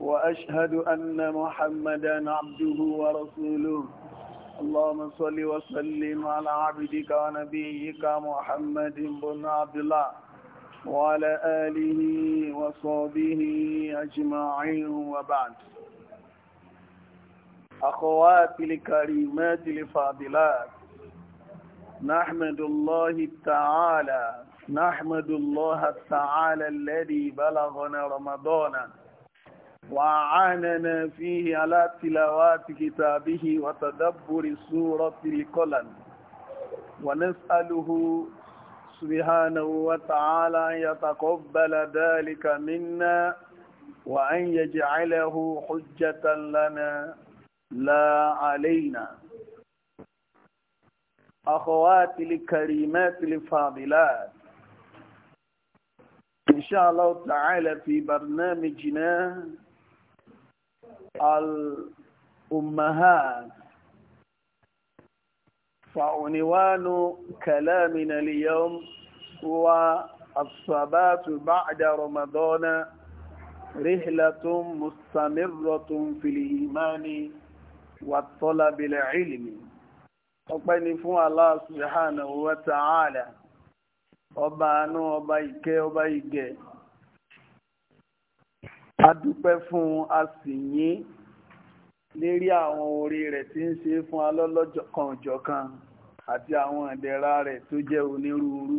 وأشهد أن محمدا عبده ورسوله اللهم صل وسلم على عبدك ونبيك محمد بن عبد الله وعلى آله وصحبه أجمعين وبعد أخواتي الكريمات الفاضلات نحمد الله تعالى نحمد الله تعالى الذي بلغنا رمضانا وعاننا فيه على تلاوات كتابه وتدبر سورة القلم ونسأله سبحانه وتعالى أن يتقبل ذلك منا وأن يجعله حجة لنا لا علينا أخواتي الكريمات الفاضلات إن شاء الله تعالى في برنامجنا الأمهات فعنوان كلامنا اليوم هو الصبات بعد رمضان رحلة مستمرة في الإيمان والطلب العلمي ọpẹ́ ni fún Allah subhanahu wa ta'ala ọba àánú ọba ìkẹ́ ọba ìgẹ̀ a dúpẹ́ fún a sì yìn lérí àwọn oore rẹ̀ tí ń ṣe fún alọ́lọ́jọ́ kan ọ̀jọ̀kan àti àwọn ìdẹ̀ra rẹ̀ tó jẹ́ onírúurú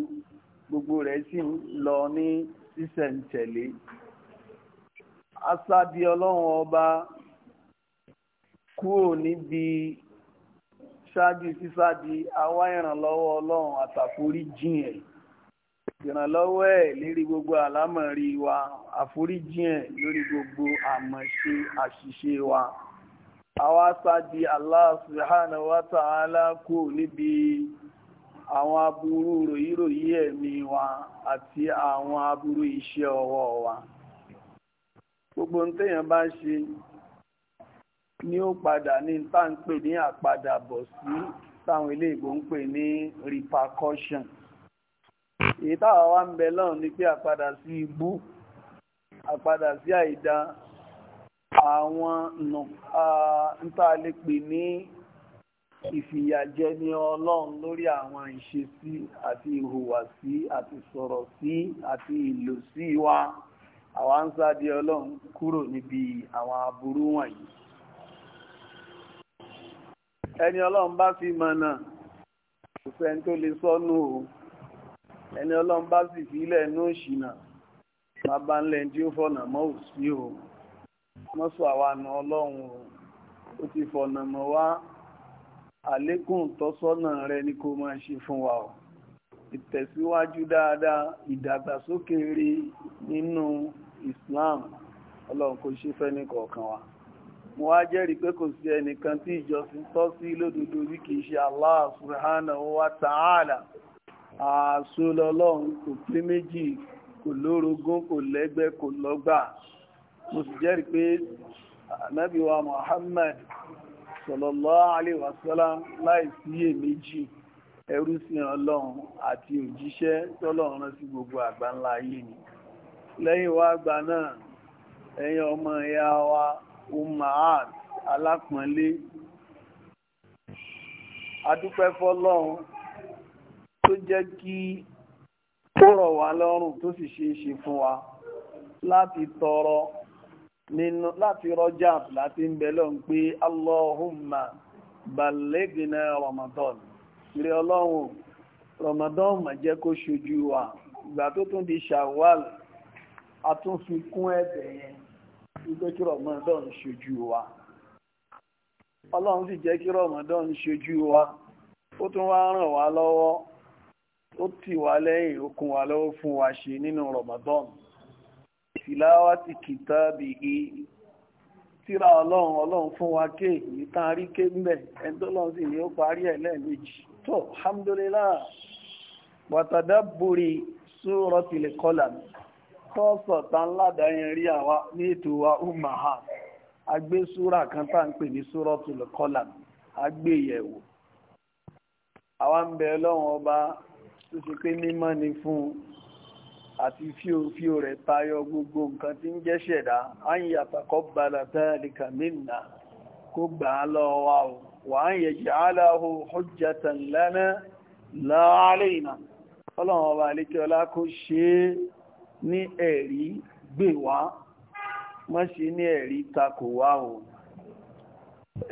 gbogbo rẹ̀ sì ń lọ ní sísẹ̀ǹtẹ̀lé asádi ọlọ́run ọba kúrò níbi ṣáájú sísádi awá ìrànlọ́wọ́ ọlọ́run àtàforí jìn ẹ̀ ìrànlọ́wọ́ ẹ̀ lérí gbogbo àlámọ̀rí wa àforíjì ẹ̀ lórí gbogbo àmọ̀ṣe àṣìṣe wa àwa sáàdì Allah subhanahu wa ta'ala kò níbi àwọn aburú ròyíròyí ẹ̀mí wa àti àwọn aburú iṣẹ́ ọwọ́ wa gbogbo ń téèyàn bá ń ṣe ni ó padà ní tá ní àpadàbọ̀ sí táwọn ilé ìgbò ń pè ní repercussion èyí táwa wá ń bẹ lọ́run ni pé àpadà sí ibú àpadà sí àìdá àwọn nta lè pè ní ìfìyàjẹni ọlọ́run lórí àwọn ìṣesí àti ìhùwàsí àti sọ̀rọ̀ sí àti ìlò sí wa àwa ń sáde ọlọ́run kúrò níbi àwọn aburú wọ̀nyí ẹni ọlọ́run bá fi mọ̀nà kò sẹ́ni tó lè sọ́nù òun ẹni ọlọ́run bá sì fi ilẹ̀ inú òṣìnà bàbá ńlẹ̀ tí ó fọ̀nà mọ́ òsì o mọ́sù àwa nu ọlọ́run o ó ti fọ̀nà mọ́ wá àlékún tọ́sọ́nà rẹ ni kò máa ṣe fún wa o ìtẹ̀síwájú dáadáa ìdàgbàsókè rí nínú Islam ọlọ́run kò ṣe fẹ́ ní kọ̀ọ̀kan wa mo wá jẹ́rìí pé kò sí ẹnìkan tí ìjọsìn tọ́ sí lódodo bí kì í ṣe Allah subhanahu wa ta'ala ààsó lọ́lọ́run kò pé méjì kò lórogún kò lẹ́gbẹ́ kò lọ́gbà mo sì jẹ́rìí pé ànábì wa Muhammad sallallahu alaihi wasallam láìsí èméjì ẹrú sí ọlọ́run àti òjíṣẹ́ tọ́lọ́run rán sí gbogbo àgbáńlá ayé ni lẹ́yìn wá gbà náà ẹ̀yin ọmọ ìyá wa umahat alápọ̀nlé adúpẹ́ fọ́lọ́run tó jẹ́ kí ó rọ̀ wá lọ́rùn tó sì ṣe é ṣe fún wa láti tọrọ nínú láti rọ́jà láti ń bẹ lọ́n pé Allahumma balẹ́gìnà Ramadan rí ọlọ́run Ramadan mà jẹ́ kó ṣojú wa ìgbà tó tún di Shawwal àtúnfikún ẹ̀bẹ̀ yẹn ìgbé kí Ramadan ṣojú wa ọlọ́run sì jẹ́ kí Ramadan ṣojú wa ó tún wá ràn wá lọ́wọ́ ó ti wá lẹ́yìn okun lọ́wọ́ fún wa ṣe nínú Ramadan ìfìláwá ti kìtà bí i tíra ọlọ́run ọlọ́run fún wa ké èyí a rí ké mbẹ̀ ẹ̀ńtọ́lọ́run sì ni ó parí ẹ̀ lẹ́ẹ̀mejì tó tọ́sọ̀ tá ń ládàáyẹn rí àwa ní ètò wa umaha agbé súra kan tá ń àwa ń bẹ ọba tó ṣe pé mímọ́ ni fún àti fíofíò rẹ̀ tayọ gbogbo nǹkan tí ń jẹ́ ṣẹ̀dá áyìn àtàkọ́ bala dhalika minna kó gbà á lọ́wọ́ wa o wà á yaj'alahu hujjatan lana la alayna ọlọ́run ọba àlékẹ́ọlá kó ṣe ní ẹ̀rí gbè wá má ṣe ní ẹ̀rí takò wá o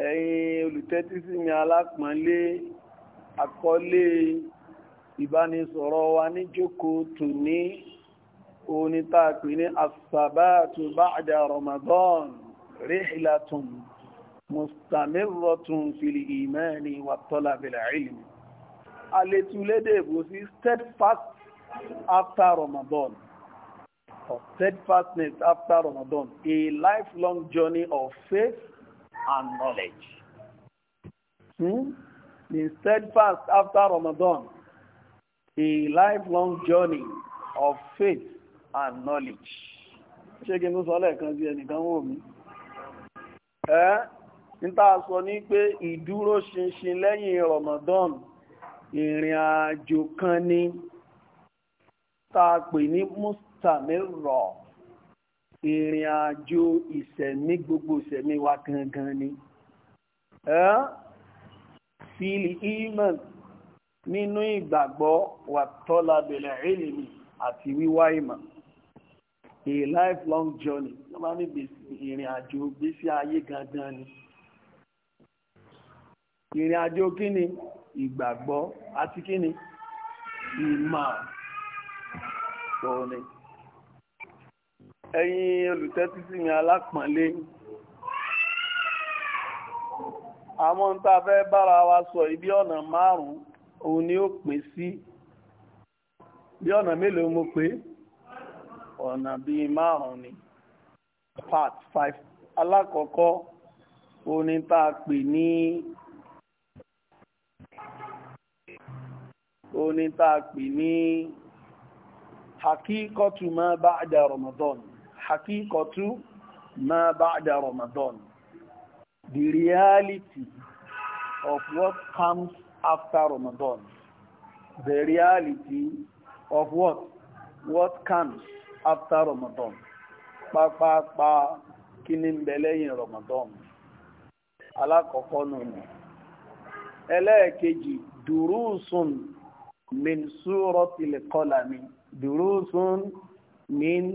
ẹ̀yin olùtẹ́tísí mi alápọ̀nlé àkọlé ìbánisọ̀rọ̀ wa ní jókòó tù ní oní tààpì ní as-sabatu ba'da Ramadan rihlatun mustamirratun fil imani wa talabil ilmi alétúlédè ìbò sí steadfast after Ramadan or steadfastness after Ramadan a lifelong journey of faith and knowledge. Hmm? The steadfast after Ramadan a lifelong journey of faith and knowledge. ṣé kí n sọ lẹ́ẹ̀kan sí ẹnìkan wò mí? ẹ́ níta sọ ní pé ìdúróṣinṣin lẹ́yìn Ramadan ìrìn àjò kan ni Ta a pè ní mustamiro ìrìn àjò ìṣẹ̀mí gbogbo ìṣẹ̀mí wa gangan ni. ẹ́ iman nínú ìgbàgbọ́ wà tọ́lá bẹ̀rẹ̀ ìlìmì àti wíwá ìmọ̀ a lifelong journey ló máa ní ìrìn àjò gbésí ayé gangan ni ìrìn àjò kí ni ìgbàgbọ́ àti kí ni ìmọ̀ òní ẹ̀yin olùtẹ́tísí mi alápọ̀nlé àwọn tá a fẹ́ bára wa sọ ibi ọ̀nà márùn-ún òun ni ó pín sí bí ọ̀nà mélòó mo pé ọ̀nà bíi márùn-ún ni part five alákọ̀ọ́kọ́ orin tá a pè ní orin tá a pè ní hakíkọ́tù ma ba'da Ramadan hakíkọ́tù ma ba'da Ramadan the reality of what comes after Ramadan. The reality of what? What comes after Ramadan? Pàápàá kí ni ń bẹ lẹ́yìn Ramadan? Alákọ̀ọ́kọ́ nù ni. Ẹlẹ́ẹ̀kejì, Dùrúsùn min súrọ̀tì lè kọ́là mi. Dùrúsùn min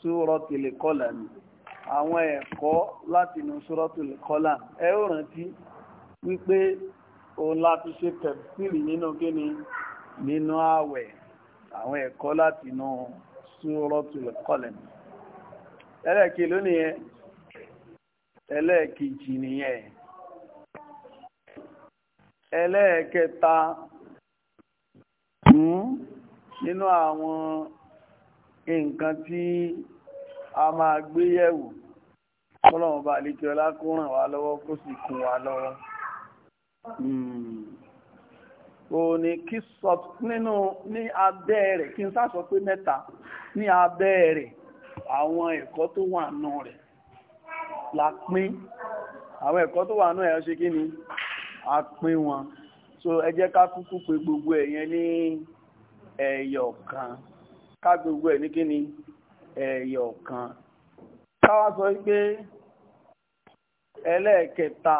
súrọ̀tì kola kọ́là mi. Àwọn ẹ̀kọ́ látinú súrọ̀tì lè kọ́là. Ẹ rántí wípé òun láti ṣe tẹ̀sílì nínú kíni nínú ààwẹ̀ àwọn ẹ̀kọ́ láti inú Suratul Qalam ẹlẹ́ẹ̀kì ló nìyẹn ẹlẹ́ẹ̀kejì nìyẹn ẹlẹ́ẹ̀kẹta hmm, nínú àwọn nǹkan tí a máa gbé yẹ̀wò kọ́lọ̀mọba àlejò ọlá kó ràn wá lọ́wọ́ kó sì kún wa lọ́wọ́ Hmm. o ní kí sọ nínú ní abẹ́ rẹ̀ kí n sáàsọ pé mẹ́ta ní abẹ́ rẹ̀ àwọn ẹ̀kọ́ tó wà nù rẹ̀ la pín àwọn ẹ̀kọ́ tó wà nù ẹ̀ ṣe kí ni a pín wọn so ẹ jẹ́ ká kúkú pé gbogbo ẹ̀yẹn ní ẹ̀yọ̀ kan ká gbogbo ẹ̀ ní kí ni ẹ̀yọ̀ kan káwá sọ pé ẹlẹ́ẹ̀kẹta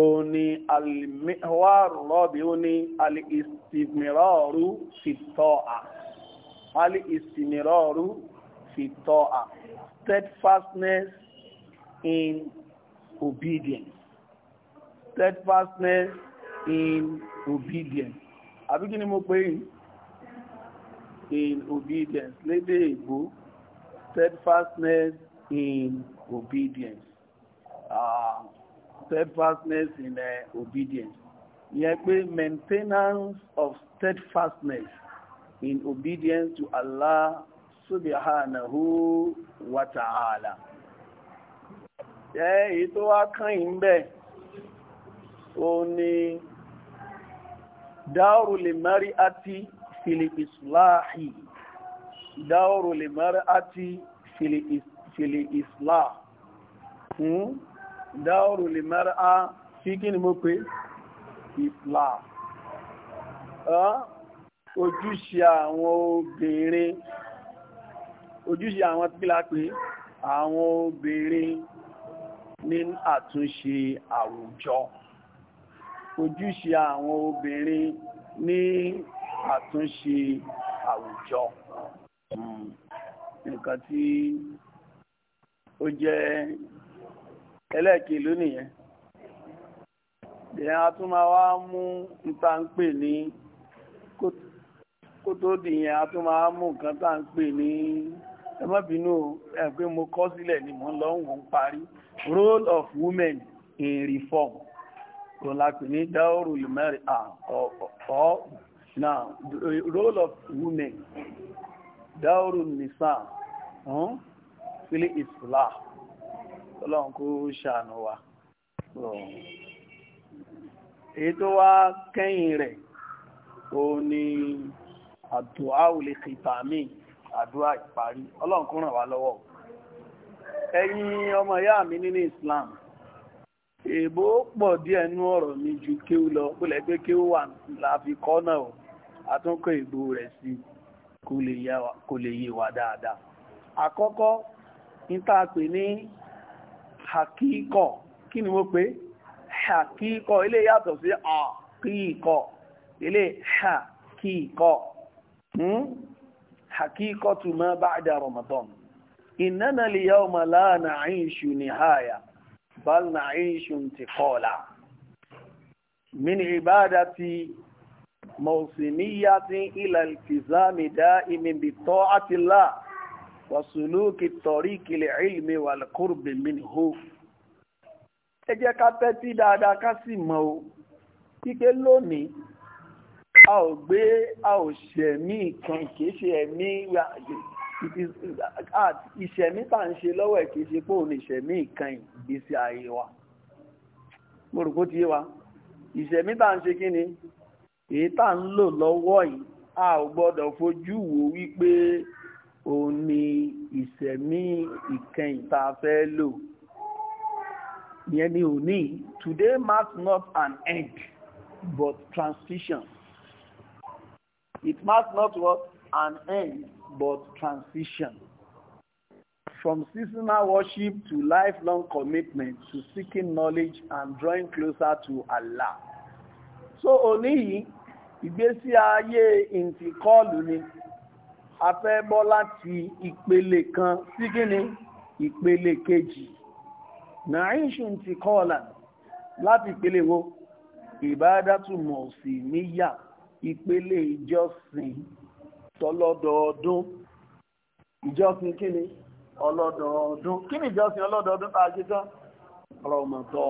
òní alìmíwárù rọ́bì òní alìsìmìrọ́rù fìtọ́à alìsìmìrọ́rù fìtọ́à steadfastness in obedience steadfastness in obedience àbí kí ni mo pè yìí in obedience lédè ìgbò steadfastness in obedience. Ah steadfastness in uh, obedience yẹn pé maintenance of steadfastness in obedience to Allah subhanahu wa ta'ala jẹ́ èyí tó wá kàn yí ń bẹ̀ o ni dáòrò lè mẹ́rí àti fili islahi dáòrò lè mẹ́rí àti fili dáòrò lè mara á sí kí ni mo pé ìfìlà ojúṣe àwọn obìnrin ojúṣe àwọn pílá pé àwọn obìnrin ní àtúnṣe àwùjọ ojúṣe àwọn obìnrin ní àtúnṣe àwùjọ hmm. nǹkan tí ó jẹ́ ẹlẹ́ẹ̀kì ìlú nìyẹn ìyẹn a tún nta ń pè ní kó tó yẹn a tún máa mú nǹkan tá ń pè ní ẹ má mo kọ́ sílẹ̀ ni ń parí role of women in reform ní dáhùrù lùmẹ́rì role of women dáhùrù nìsàn fili islam. ọlọ́run kó ṣàánú wa èyí tó wá kẹ́yìn rẹ̀ ó ní àdúà òlè kìtàmì àdúà ìparí ọlọ́run kó ràn wá lọ́wọ́ ẹ̀yin ọmọ ìyá mi nínú Islam èbó pọ̀ díẹ̀ nú ọ̀rọ̀ mi ju kéwú lọ ó lẹ́ pé kéwú wà láfi kọ́ náà o àtúnkọ́ èbó rẹ̀ sí kó lè yé wa dáadáa àkọ́kọ́ ní pè ní hakíkọ̀ kí ni mo pé hakíkọ̀ ilé yàtọ̀ sí àkíkọ̀ ilé hakíkọ̀ hmm? hakíkọ̀ tù mọ́ ba'da Ramadan innana al-yawma la na'ishu nihaya bal na'ishu intiqala min ibadati mawsimiyatin ila iltizami da'imin bi ta'atillah wàsùlùkì tọ̀rí ìkìlẹ̀ ìlmi wàlùkùrùbì minhu. ẹ jẹ́ ká tẹ́tí dáadáa ká sì mọ̀ o kíké lónìí a ò gbé a ò ṣẹ̀mí kan kìí ṣe ẹ̀mí ìṣẹ̀mí tá à ń ṣe lọ́wọ́ ẹ̀ kìí ṣe pé òun ìṣẹ̀mí kan ìgbésí ayé wa mo rò kó ti yé wa ìṣẹ̀mí tá à ń ṣe kí ni èyí tá à ń lò lọ́wọ́ yìí a ò gbọ́dọ̀ fojú wò wípé òun ni ìsẹ̀mí ìkẹyìn tá a fẹ́ lò yẹn ni òní today marks not an end but transition it marks not what an end but transition from seasonal worship to lifelong commitment to seeking knowledge and drawing closer to Allah so òní yìí ìgbésí ayé ìntìkọlù ni a fẹ́ bọ́ láti ìpele kan sí kíni ìpele kejì nàíṣù ti kọ́ọ̀là láti ìpele wo ìbádátùmọ̀ sí níyà ìpele ìjọsìn tọlọ́dọọdún ìjọsìn kíni ọlọ́dọọdún kíni ìjọsìn ọlọ́dọọdún tá a ṣe tán rọmọtọ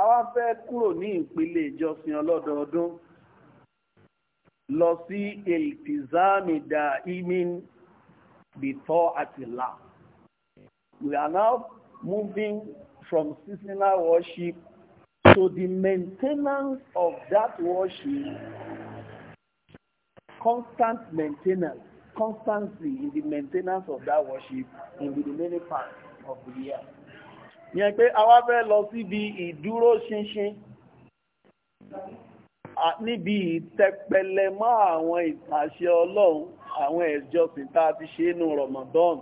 àwa fẹ́ kúrò ní ìpele ìjọsìn ọlọ́dọọdún lọ sí ìltìzámìdà imin bìtọ́ àtìlá. We are now moving from seasonal worship to the maintenance of that worship, constant maintenance, constancy in the maintenance of that worship in the remaining part of the year. Yẹn pé àwa fẹ́ lọ síbi ìdúró ṣinṣin níbi ìtẹpẹlẹ mọ́ àwọn ìtàṣẹ ọlọ́run àwọn ẹ̀jọsìn tá a ti ṣe nínú Ramadan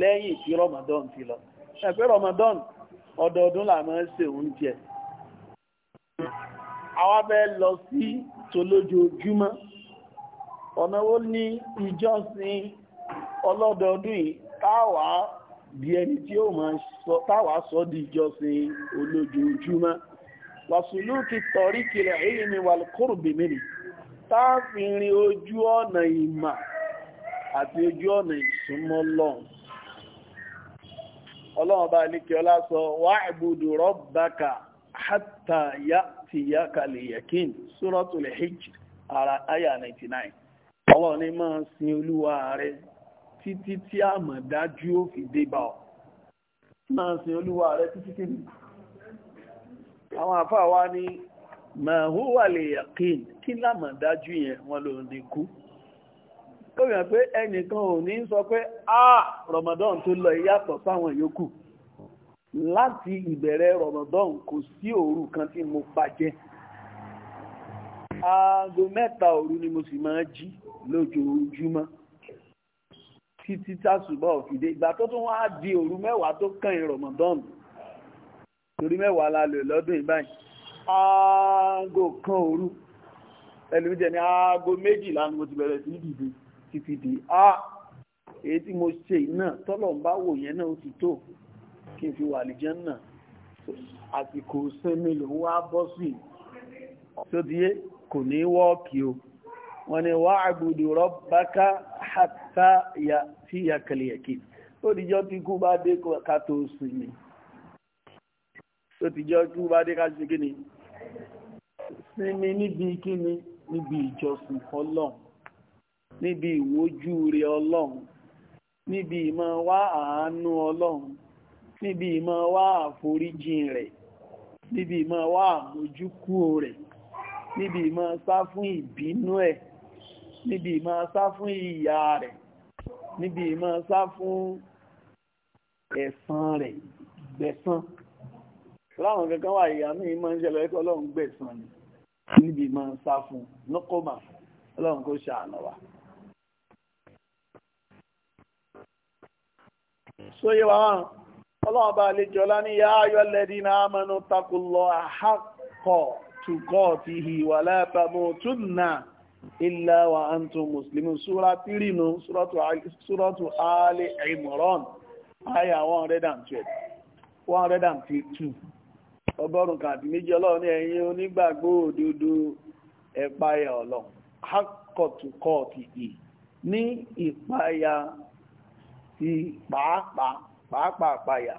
lẹ́yìn tí Ramadan ti lọ ẹ̀pẹ́ Ramadan ọdọọdún là máa ń ṣe oúnjẹ àwa fẹ́ lọ sí tolójoojúmọ́ ọ̀nà wo ní ìjọsìn ọlọ́dọọdún yìí táwa bí ẹni tí ó máa sọ di ìjọsìn olójoojúmọ́ wàsùlùkì tọ̀rí kìlẹ̀ ìlmi wàlùkùrùbì mìírì táàfìrin ojú ọ̀nà ìmà àti ojú ọ̀nà ìsúnmọ́ lọ́n ọlọ́run bá ní kí ọlá sọ wà ìbùdó rọ́bàkà hátà yá ti yá kalẹ̀ ara àyà 99 ọlọ́run títí tí àwọn àfà wá ní mahuwa lè yàkín kí lámà dájú yẹn wọn ló ní kú ó yàn pé ẹnìkan ò ní sọ pé a Ramadan tó lọ yàtọ̀ sáwọn yòókù láti ìbẹ̀rẹ̀ Ramadan kò sí òru kan tí mo pàjẹ́ aago mẹ́ta òru ni mo sì máa jí lójoojúmọ́ títí tásùbọ̀ òfìdé ìgbà tó tún wá di òru mẹ́wàá tó kàn Ramadan torí mẹ́wàá la lò lọ́dún ìbáyìí aago kan òru ẹlùmíjẹ ní aago méjìlá ni mo ti bẹ̀rẹ̀ sí dìde títí di a èyí tí mo ṣe náà tọ́lọ̀ ń bá wò yẹn náà ó ti tó kí n fi wà lìjẹ́ náà àsìkò sẹ́mi ló wá bọ́ sí sódíé kò ní wọ́ọ̀kì o wọ́n ní wá àgbòdì rọ́báká hàtà tí yà kẹlẹ̀yẹ̀kì ó dìjọ́ tí kú bá dé kàtó sí mi tó ti jọ kí wọ́n dé ká ṣe kí ni sinmi níbi kí ni níbi ìjọsìn fọlọ́n níbi ìwójú rẹ ọlọ́run níbi ìmọ̀ wá àánú ọlọ́run níbi ìmọ̀ wá àforíjìn rẹ̀ níbi ìmọ̀ wá àmójúkú rẹ̀ níbi ìmọ̀ sá fún ìbínú ẹ̀ níbi ìmọ̀ sá fún ìyà rẹ̀ níbi ìmọ̀ sá fún ẹ̀san rẹ̀ gbẹ̀san láwọn kankan wà ìyá mi máa ń ṣẹlẹ̀ ẹ̀kọ́ ọlọ́run gbẹ̀sán ni níbi máa ń sá fún nọ́kọ́mà ọlọ́run kò ṣàánà wa. sóyè wa wọn ọlọ́run bá lè jọlá ní yá ayọ́ lẹ́dí náà mẹ́nu takò lọ tukọ́ ti hì wà láàbàmọ́ tún náà illa wa súra ọgọ́rùn-ún kan méjì ọlọ́run ní ẹ̀yìn onígbàgbọ́ òdodo ẹ̀páyà ọlọ́run akọ̀tùkọ̀ọ̀tì ì ní ìpáyà ti pàápàá pàápàá àpáyà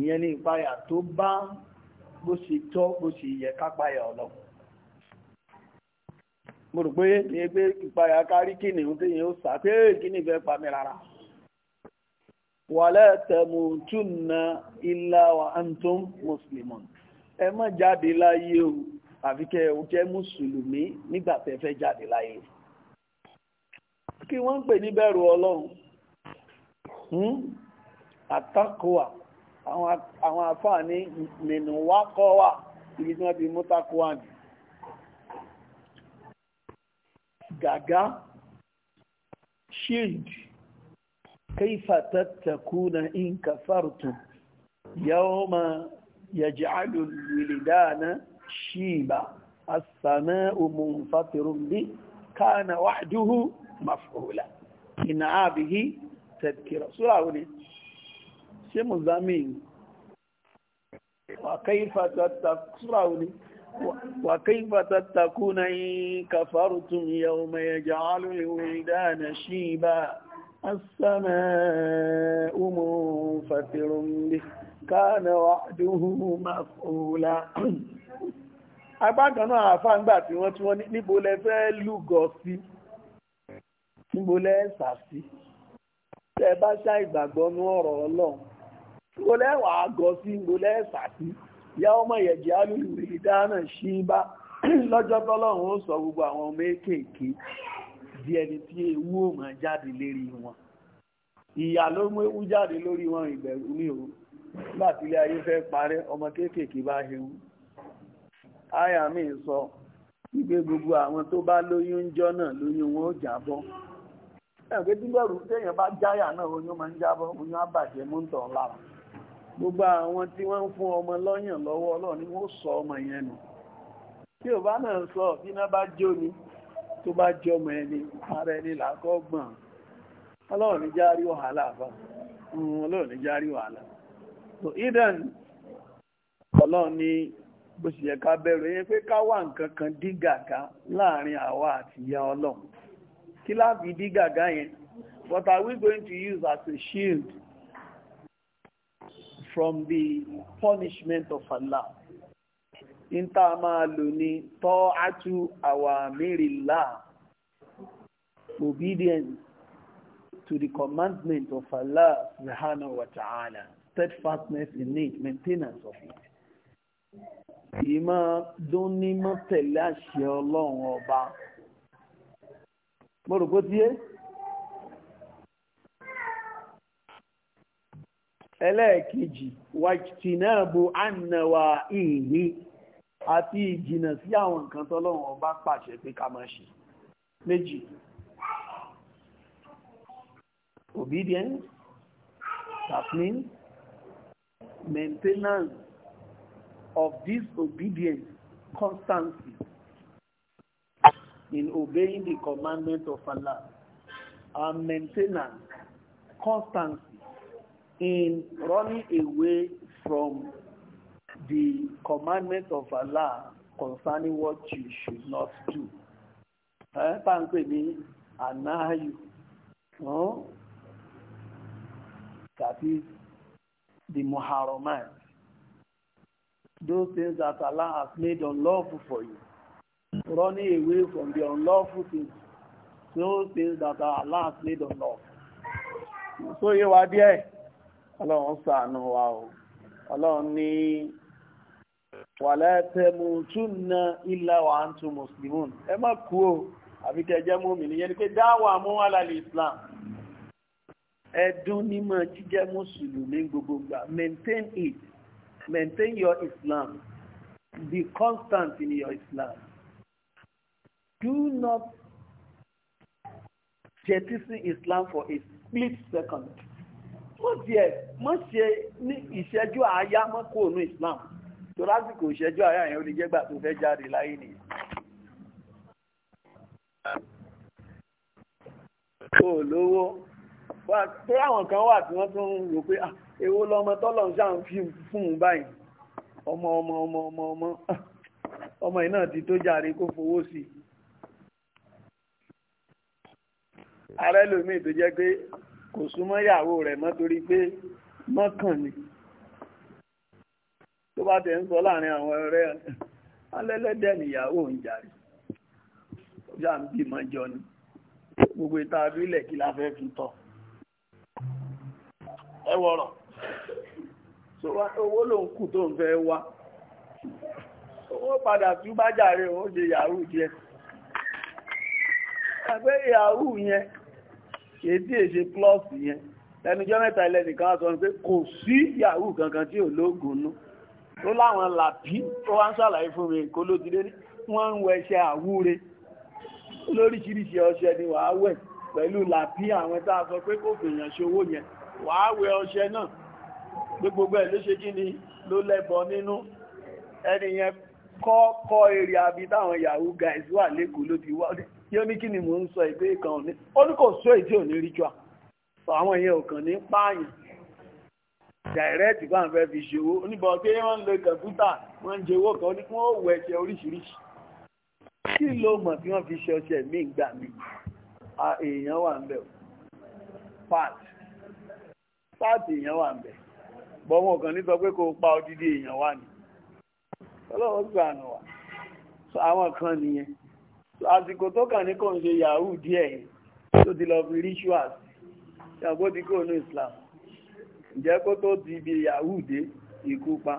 ìyẹn ní ìpáyà tó bá bó ṣe tọ́ bó ṣe yẹ kápáyà ọlọ́run mo rò pé ní ìpáyà kárí kìnìún ó sà pé kìnìún fẹ́ wàlẹ́ tẹ̀mùtúnà ilá wa antum muslimun ẹ má jáde láyé o àfi kẹ́ ẹ jẹ́ mùsùlùmí nígbà tẹ́ fẹ́ jáde láyé kí wọ́n pè ní bẹ̀rù ọlọ́run hmm? àtàkùwà àwọn àfáà ní mìnúwákọ́wà ibi tí wọ́n ti mú tákùwà nì gàgá shield كيف تتكون إن كفرتم يوم يجعل الولدان شيبا السماء منفطر به كان وعده مفعولا إن عابه تذكرة سورة أولي شم الزمين وكيف تتكون وكيف تتكون إن كفرتم يوم يجعل الولدان شيبا السماء منفطر به كان وعده مفعولا agbákan náà àfáà ńgbà tí wọ́n tí wọ́n níbo lẹ fẹ́ lúgọ sí níbo lẹ sà sí tẹ bá ṣá ìgbàgbọ́ ní ọ̀rọ̀ ọlọ́run níbo lẹ gọ sí níbo lẹ sí ìyá ọmọ ìyẹ̀jẹ̀ alúlùwẹ̀ ìdáná ṣí bá lọ́jọ́ tọ́lọ́run ó sọ gbogbo àwọn mékèèké di ẹni tí ewu ò máa jáde lérí wọn ìyà ló mú ewu jáde lórí wọn ìbẹ̀rù ní o nígbà tí ilé ayé fẹ́ parẹ́ ọmọ kéékèèké bá hewu àyà mi sọ wípé gbogbo àwọn tó bá lóyún jọ náà lóyún wọn jábọ́ téèyàn bá jáyà náà oyún máa ń jábọ́ oyún mú tọ̀ lára gbogbo àwọn tí wọ́n ń ọmọ lọ́yàn lọ́wọ́ ọlọ́ọ̀ ọmọ yẹn nù tí ò bá náà sọ tó bá jẹ́ ọmọ ẹni ara ẹni làákọ́gbọ̀n ọlọ́run ní járí wàhálà àbá ọlọ́run ní járí wàhálà so idan ọlọ́run ni bó ṣe yẹ ká bẹ̀rù yẹn pé ká wà nǹkan kan dí gàgá láàrin àwa àti ìyá ọlọ́run kí la dí gàgá yẹn what are we going to use as a shield from the punishment of Allah ìta máa lò ní tọ́ átú àwàmírìlá obedience to the commandment of Allah subhanahu wa ta'ala steadfastness in it maintenance of it ìmọ̀ dúnnímọ̀ tẹ̀lé àṣẹ ọlọ́run ọba mo rò pé tí é ẹlẹ́ẹ̀kejì wàjtìnàbù ànàwà ìhìn àti ìjìnà sí àwọn nǹkan tọ́lọ́run ọba pàṣẹ pé ká máa ṣe méjì obedience that maintenance of this obedience constancy in obeying the commandment of Allah and maintenance constancy in running away from the commandment of Allah concerning what you should not do. Ẹ bá ń pè ní ànáyù. Tàbí the Muharramat. Those things that Allah has made unlawful for you. Running away from the unlawful things. Those things that Allah has made unlawful. So yé wa díẹ̀, ọlọ́run ṣàánú wa o. Ọlọ́run ní wàlẹ́ tẹmùtúnà ilà wà ń tún mùsùlùmùn ẹ má kú o àfi kẹjẹ mú mi nìyẹn ni pé dáwà mú wà lálẹ́ islam ẹdún nímọ̀ jíjẹ́ mùsùlùmí gbogbogbà maintain it maintain your islam be constant in your islam do not jettison islam for a split second ó tiẹ̀ mọ̀ ṣe ní ìṣẹ́jú àáyá mọ́kò ònú islam tó lásìkò ìṣẹ́jú àyà yẹn ó lè jẹ́gbà tó fẹ́ jáde láyé nìyẹn ó lówó tó ráwọn kan wà tí wọ́n tún rò pé ah, èwo lọmọ tọ́lọ̀ ń ṣáà ń fi fún un báyìí ọmọ ọmọ ọmọ ọmọ ọmọ ọmọ yìí náà ti tó jáde kó fowó sí i ààrẹ lómi tó jẹ́ pé kò súnmọ́ ìyàwó rẹ̀ mọ́ torí pé mọ́kàn ni tó bá tẹ̀ ń sọ láàrin àwọn ọ̀rẹ́ alẹ́lẹ́dẹ̀ níyàwó ń jàrí ọjà ń bí mọ́jọ ni gbogbo ìta abílẹ̀ kí la fẹ́ fi tọ̀ ẹ wọ̀rọ̀ owó ló ń kù tó ń fẹ́ wá owó padà tún bá jàre òun ṣe yahoo díẹ̀ ẹgbẹ́ yahoo yẹn èdè èṣe plus yẹn ẹnujọ́ mẹ́ta ilẹ̀ nìkan sọ pé kò sí yahoo kankan tí ò lóògùn náà tó láwọn làbí tó wá ń ṣàlàyé fún mi kó ló ti dé ní wọ́n ń wọ ẹṣẹ àwúre lóríṣiríṣi ọṣẹ ni wàá wẹ̀ pẹ̀lú làbí àwọn tá a sọ pé kò fèèyàn ṣòwò yẹn wàá wẹ̀ ọṣẹ náà pé gbogbo ẹ̀ ló ṣe kí ni ló lẹ́bọ nínú ẹni yẹn kọ́ kọ́ èrè àbí táwọn yahoo guys wà lẹ́kọ̀ọ́ ló ti wá yóò ní kí ni mò ń sọ ìgbé kan òní ó ní kò só èdè òní rí jọ àwọn èèyàn ò kàn ní pààyàn direct bá ń fẹ́ fi ṣòwò oníbọ̀ pé wọ́n ń lo kọ̀ǹpútà wọ́n ń jẹ owó kan ní kí wọ́n wọ ẹsẹ̀ oríṣiríṣi kí ló mọ̀ tí wọ́n fi ṣe ọṣẹ mí gbà mí èèyàn wà ń bẹ̀ part part èèyàn wà ń bẹ̀ bọ́ wọn kàn ní sọ pé kò pa odidi èèyàn wà ní ọlọ́wọ́ gbà nù wá àwọn kan nìyẹn àsìkò tó kàn ní kò ń ṣe yahoo díẹ̀ tó ti lọ fi rituals ṣàgbó kò ní Islam ǹjẹ́ kó tó ti ibi yahoo ikú pa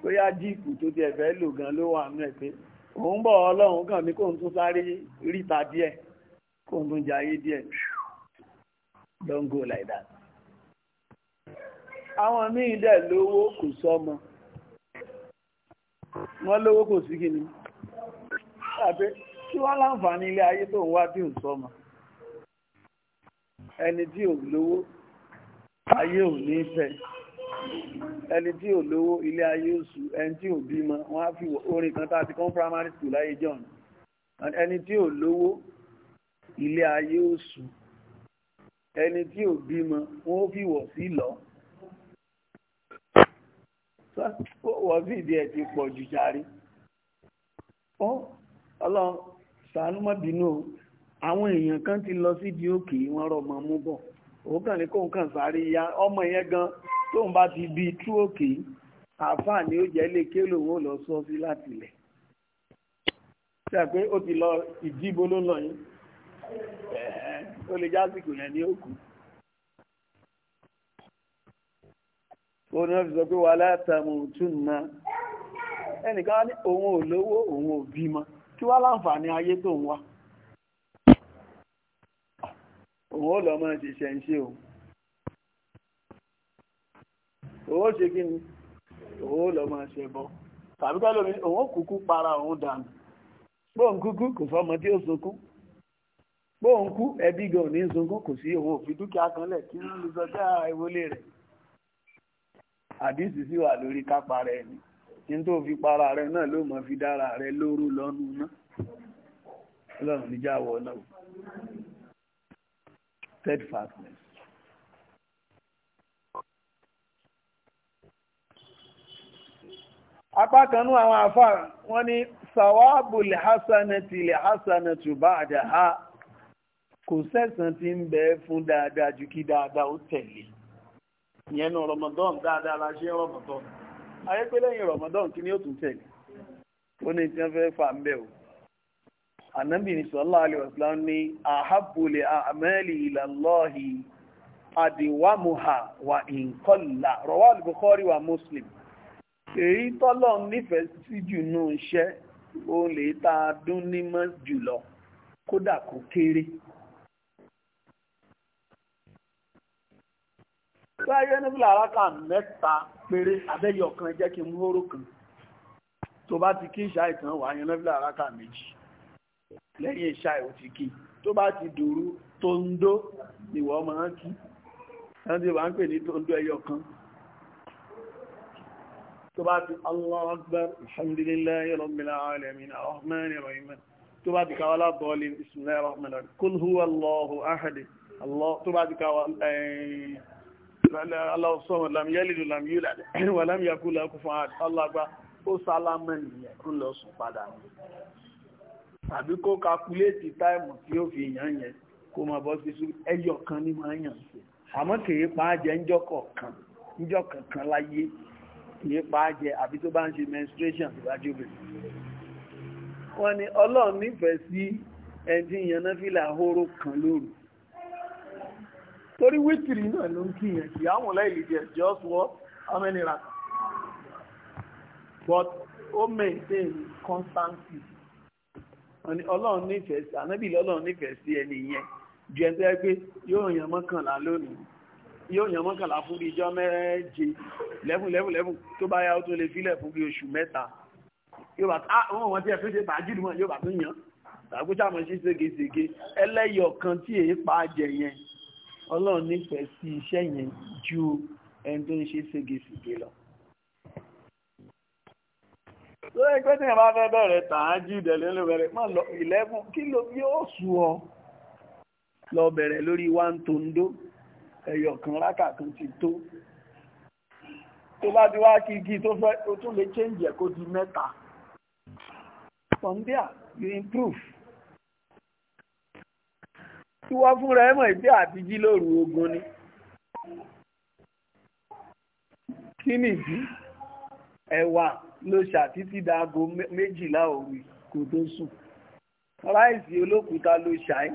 tó yá jíìpù tó ti ẹ̀fẹ́ lò gan ló wà nínú pé òun bọ̀ ọlọ́run kàn ní kóun tún sáré ríta díẹ̀ kóun tún jayé díẹ̀ don't go like that. àwọn míì dẹ̀ lówó kò sọ́mọ wọ́n lówó kò sí kí ni tàbí tí wọ́n láǹfààní ilé ayé tó ń wá tí ò sọ́mọ ẹni tí ò lówó ayé ò ní fẹ́ ẹni tí ò lówó ilé ayé oṣù ẹni tí ò bímọ wọ́n á fi orin kan tá a ti kọ́ primary school láyé john ẹni tí ò lówó ilé ayé oṣù ẹni tí ò bímọ wọ́n ó fi wọ̀ sí lọ wọ́n sì ìdí ẹ̀ ti pọ̀ jù járe ọlọ́run ṣàánú má bínú àwọn èèyàn kan ti lọ síbi òkè wọ́n rọ̀ mọ́ mú bọ̀ òun kàn ní kóun kàn sáré ya ọmọ yẹn gan tóun bá ti bí tú òkè àáfàá ni ó jẹ́ lè ké lòun ò lọ sọ sí láti ilẹ̀ ṣe pé ó ti lọ ìdíbo ló lọ yín ó lè jásìkò yẹn ní òkú. òun náà sọ pé wàhálà tamutunna ẹnìkan ní òun ò lówó òun ò bímọ kí wàá láǹfààní ayé tó ń wá òun ó lọ mọ́ ṣe ṣe ń ṣe òun òun ó ṣe kí ni òun ó lọ mọ́ ṣe bọ́ tàbí kọ́ lómi òun ó kúkú para òun dànù bóun kúkú kò sọmọ tí ó sunkún bóun kú ẹbí gan ní sunkún kò sí òun òfin dúkìá kan kí wọ́n lè sọ ah, ìwọlé rẹ̀ àdìsí sì wà lórí kápá rẹ̀ ni kí n tó fi para rẹ̀ náà ló mọ̀ fi dára rẹ̀ lóru lọ́nu náà ọlọ́run níjà wọ̀ náà. steadfastness. apá kan nú àwọn àfà n'i sawabu ti hasanati lè hasanatu ba'da ha kò sẹ́sàn ti ń bẹ fún dáadáa ju kí dáadáa ó tẹ̀lé ìyẹn ramadan dáadáa la ṣe ramadan ayé pé lẹ́yìn ramadan kí ni ó tún ó ní tí ànábì ní sallallahu alaihi wasallam ní ahabbul a'mali ila Allahi adiwamuha wa in qalla rawahu al-Bukhari wa Muslim èyí tọ́lọ̀ nífẹ̀ẹ́ sí jù nù iṣẹ́ ó lè tá a dún nímọ̀ jùlọ kódà kó kéré. láyé níbi làrákà mẹ́ta péré abẹ́yọ̀ kan jẹ́ kí mú hóró tó bá ti kí ìṣá ìtàn wà yẹn níbi làrákà méjì lẹ́yìn ìṣà ìwòtìkì tó bá ti dòru tó ń dó ìwọ máa ń kí wọ́n ti wà ń pè ní tó ń dó ẹyọ kan tó bá ti Allahu Akbar alhamdulillahi rabbil alamin arrahmanir rahim tó bá ti káwàlá bọ́ọ̀lì bismillahir rahmanir rahim kul huwa Allahu ahad tó bá ti káwàlá eh, Allahu samad lam yalid lam yulad wa lam yakul tàbí kó kakuléètì táìmù tí ó fi yàn yẹn kó máa bọ́ sí sùúrù ẹyọ kan ní máa yàn sí àmọ́ kìí pa á jẹ ńjọ́ kọ̀ọ̀kan ńjọ́ kankan láyé kìí pa á jẹ àbí tó bá ń ṣe menstruation tó bá jóbe. wọ́n ní ọlọ́run nífẹ̀ẹ́ sí ẹni tí yan náfìlà hóró kan lóru torí wítìrì náà ló ń kíyàn kì àwọn láìlì jẹ just what how many rats but ó maintain constancy ọlọ́run nífẹ̀ẹ́ sí ànábì lọ́lọ́run nífẹ̀ẹ́ sí ẹni yẹn ju ẹni tó yẹ pé yóò yàn mọ́kànlá lónìí yóò yàn mọ́kànlá fún bí ijọ́ méje lẹ́fún lẹ́fún lẹ́fún tó bá yá ó tó lè filẹ̀ fún bí oṣù mẹ́ta yóò bá ah wọn wọn ti ẹ̀ fún ṣe tàájìlì mọ́ yóò bá tún yàn tàbújá mọ̀ sí ségesège ẹlẹ́yọ̀ kan tí èé pa jẹ yẹn ọlọ́run nífẹ̀ẹ́ sí iṣẹ́ yẹn ju ẹni tó ń ṣe ségesège lọ tó yẹ pé tí ìyàbá fẹ́ bẹ̀rẹ̀ tàá jí ìdẹ̀lẹ́ ló bẹ̀rẹ̀ má lọ ìlẹ́fún kí ló yóò sù ọ lọ bẹ̀rẹ̀ lórí wá ń tó ń dó ẹyọ kan rákà kan ti tó tó bá ti wá kí igi tó fẹ́ o tún lè change kó di mẹ́ta from there you improve tí wọ́n fúnra ẹ̀ mọ̀ ìdí àti jí lóru ogun ni kí nìdí ẹ̀wà ló ṣàtítí dago méjìlá òru kò tó sùn ráìsì olókùúta ló ṣàì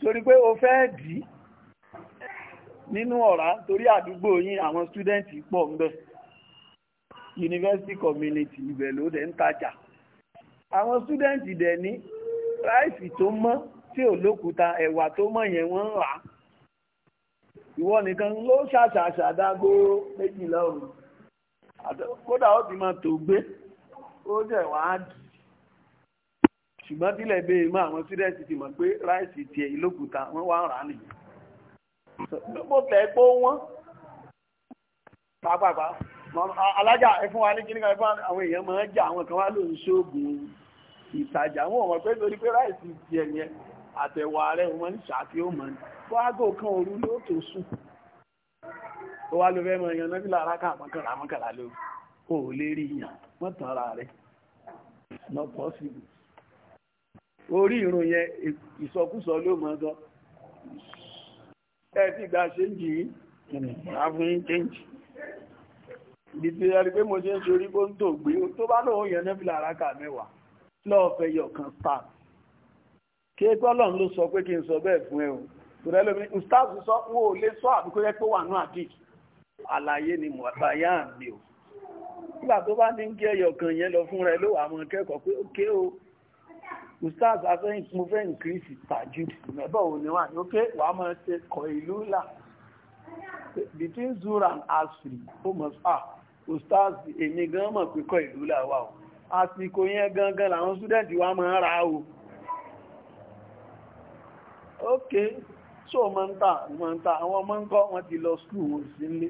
torí pé o fẹ́ dì í nínú ọ̀rá torí àdúgbò yín àwọn stúdẹ́ǹtì pọ̀ ń bẹ university community ibẹ̀ ló dẹ̀ ń tajà àwọn stúdẹ́ǹtì dẹ̀ ní ráìsì tó mọ́ tí olókùúta ẹ̀wà tó mọ̀ yẹn wọ́n ń rà á ìwọ nìkan ló ṣàṣàṣà dágó méjìlá òru kódà ó ti máa tó gbé ó jẹ́ wàá dì ṣùgbọ́n tílẹ̀ bẹ́ẹ̀ mọ́ àwọn sídẹ̀ẹ̀sì ti mọ̀ pé ráìsì tiẹ̀ ìlókùúta wọ́n wá rà nìyẹn mo tẹ̀ pé wọ́n pàápàá alájà ẹfún wa ní kíní kan fún àwọn èèyàn máa ń jà àwọn kan wá ló ń ṣoògùn ìtajà wọn ò mọ̀ pé torí pé ráìsì tiẹ̀ yẹn àtẹ̀wà rẹ̀ wọ́n ń ṣàfihàn mọ́ fún aago kan òru ló tó sùn ó wá ló fẹ́ mọ èèyàn náfìlà aráka àmọ́kànlá O o ò lè rí yàn wọ́n tàn ara rẹ̀ not possible orí ìrun yẹn ìsọkúsọ ló mọ sọ ẹ ti gba ṣe ń jì í àfihàn change ìdí pé mo ṣe ń ṣorí bó ń tò gbé tó bá lóun yẹn start kí ló sọ pé sọ bẹ́ẹ̀ o ustaz sọ ò lè àlàyé ni mọ̀tàyà mi ò nígbà tó bá ní kí ẹyọ kan yẹn lọ fún rẹ ló wà mọ́ pé ókè o ustaz afẹ́ mo fẹ́ increase tàjú mẹ́bọ̀ ò ní wà ní ókè wà mọ́ ṣe kọ̀ ìlú là between zura and asri ó mọ̀ ah ustaz èmi gan mọ̀ pé kọ̀ ìlú là wà o àsìkò yẹn gangan làwọn student wa máa ń ra o ókè so mọ́ ń ta mọ́ ń ta àwọn ọmọ ń kọ́ wọ́n ti lọ school wọn sí nílé